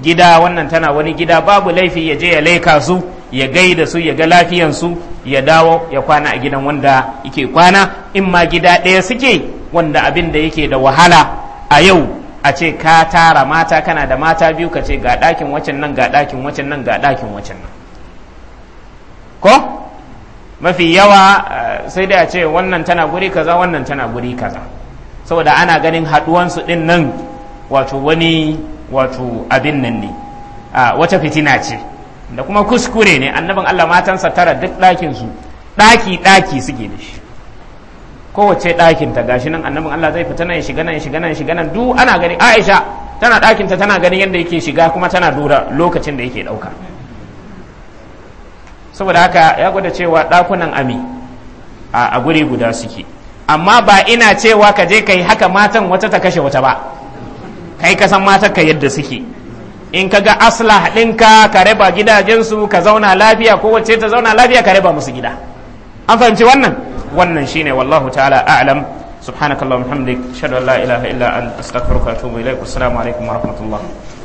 gida wannan tana wani gida babu laifi ya je ya laika su ya gaida su ya ga lafiyansu ya dawo ya kwana a gidan wanda yake kwana in ma gida ɗaya suke wanda abin da yake da wahala a yau a ce ka tara mata kana da mata biyu ka ce ga ɗakin wacin nan ga ɗakin wacin nan ga ɗakin wacin nan ko mafi yawa eh, sai dai a ce wannan tana guri kaza wannan tana guri kaza saboda ana ganin haɗuwansu din nan wato wani wato abin nan ne wata fitina ce da kuma kuskure ne annabin Allah matansa tara duk ɗakinsu ɗaki ɗaki suke da shi kowace ɗakin ta gashi nan annabin Allah zai fita nan shiga nan shiga nan shiga nan duk ana gani Aisha tana ɗakinta ta tana ganin yadda yake shiga kuma tana dora lokacin da yake ɗauka saboda haka ya gwada cewa ɗakunan ami a guri guda suke amma ba ina cewa ka je kai haka matan wata ta kashe wata ba kai ka san matan ka yadda suke in ka ga aslah ɗinka ka raba gidajensu ka zauna lafiya ko wacce ta zauna lafiya ka raba musu gida an fahimci wannan wannan shine wallahu ta'ala a'lam subhanakallahumma hamdik shallallahu la ilaha illa anta astaghfiruka wa atubu ilaik assalamu alaikum wa rahmatullah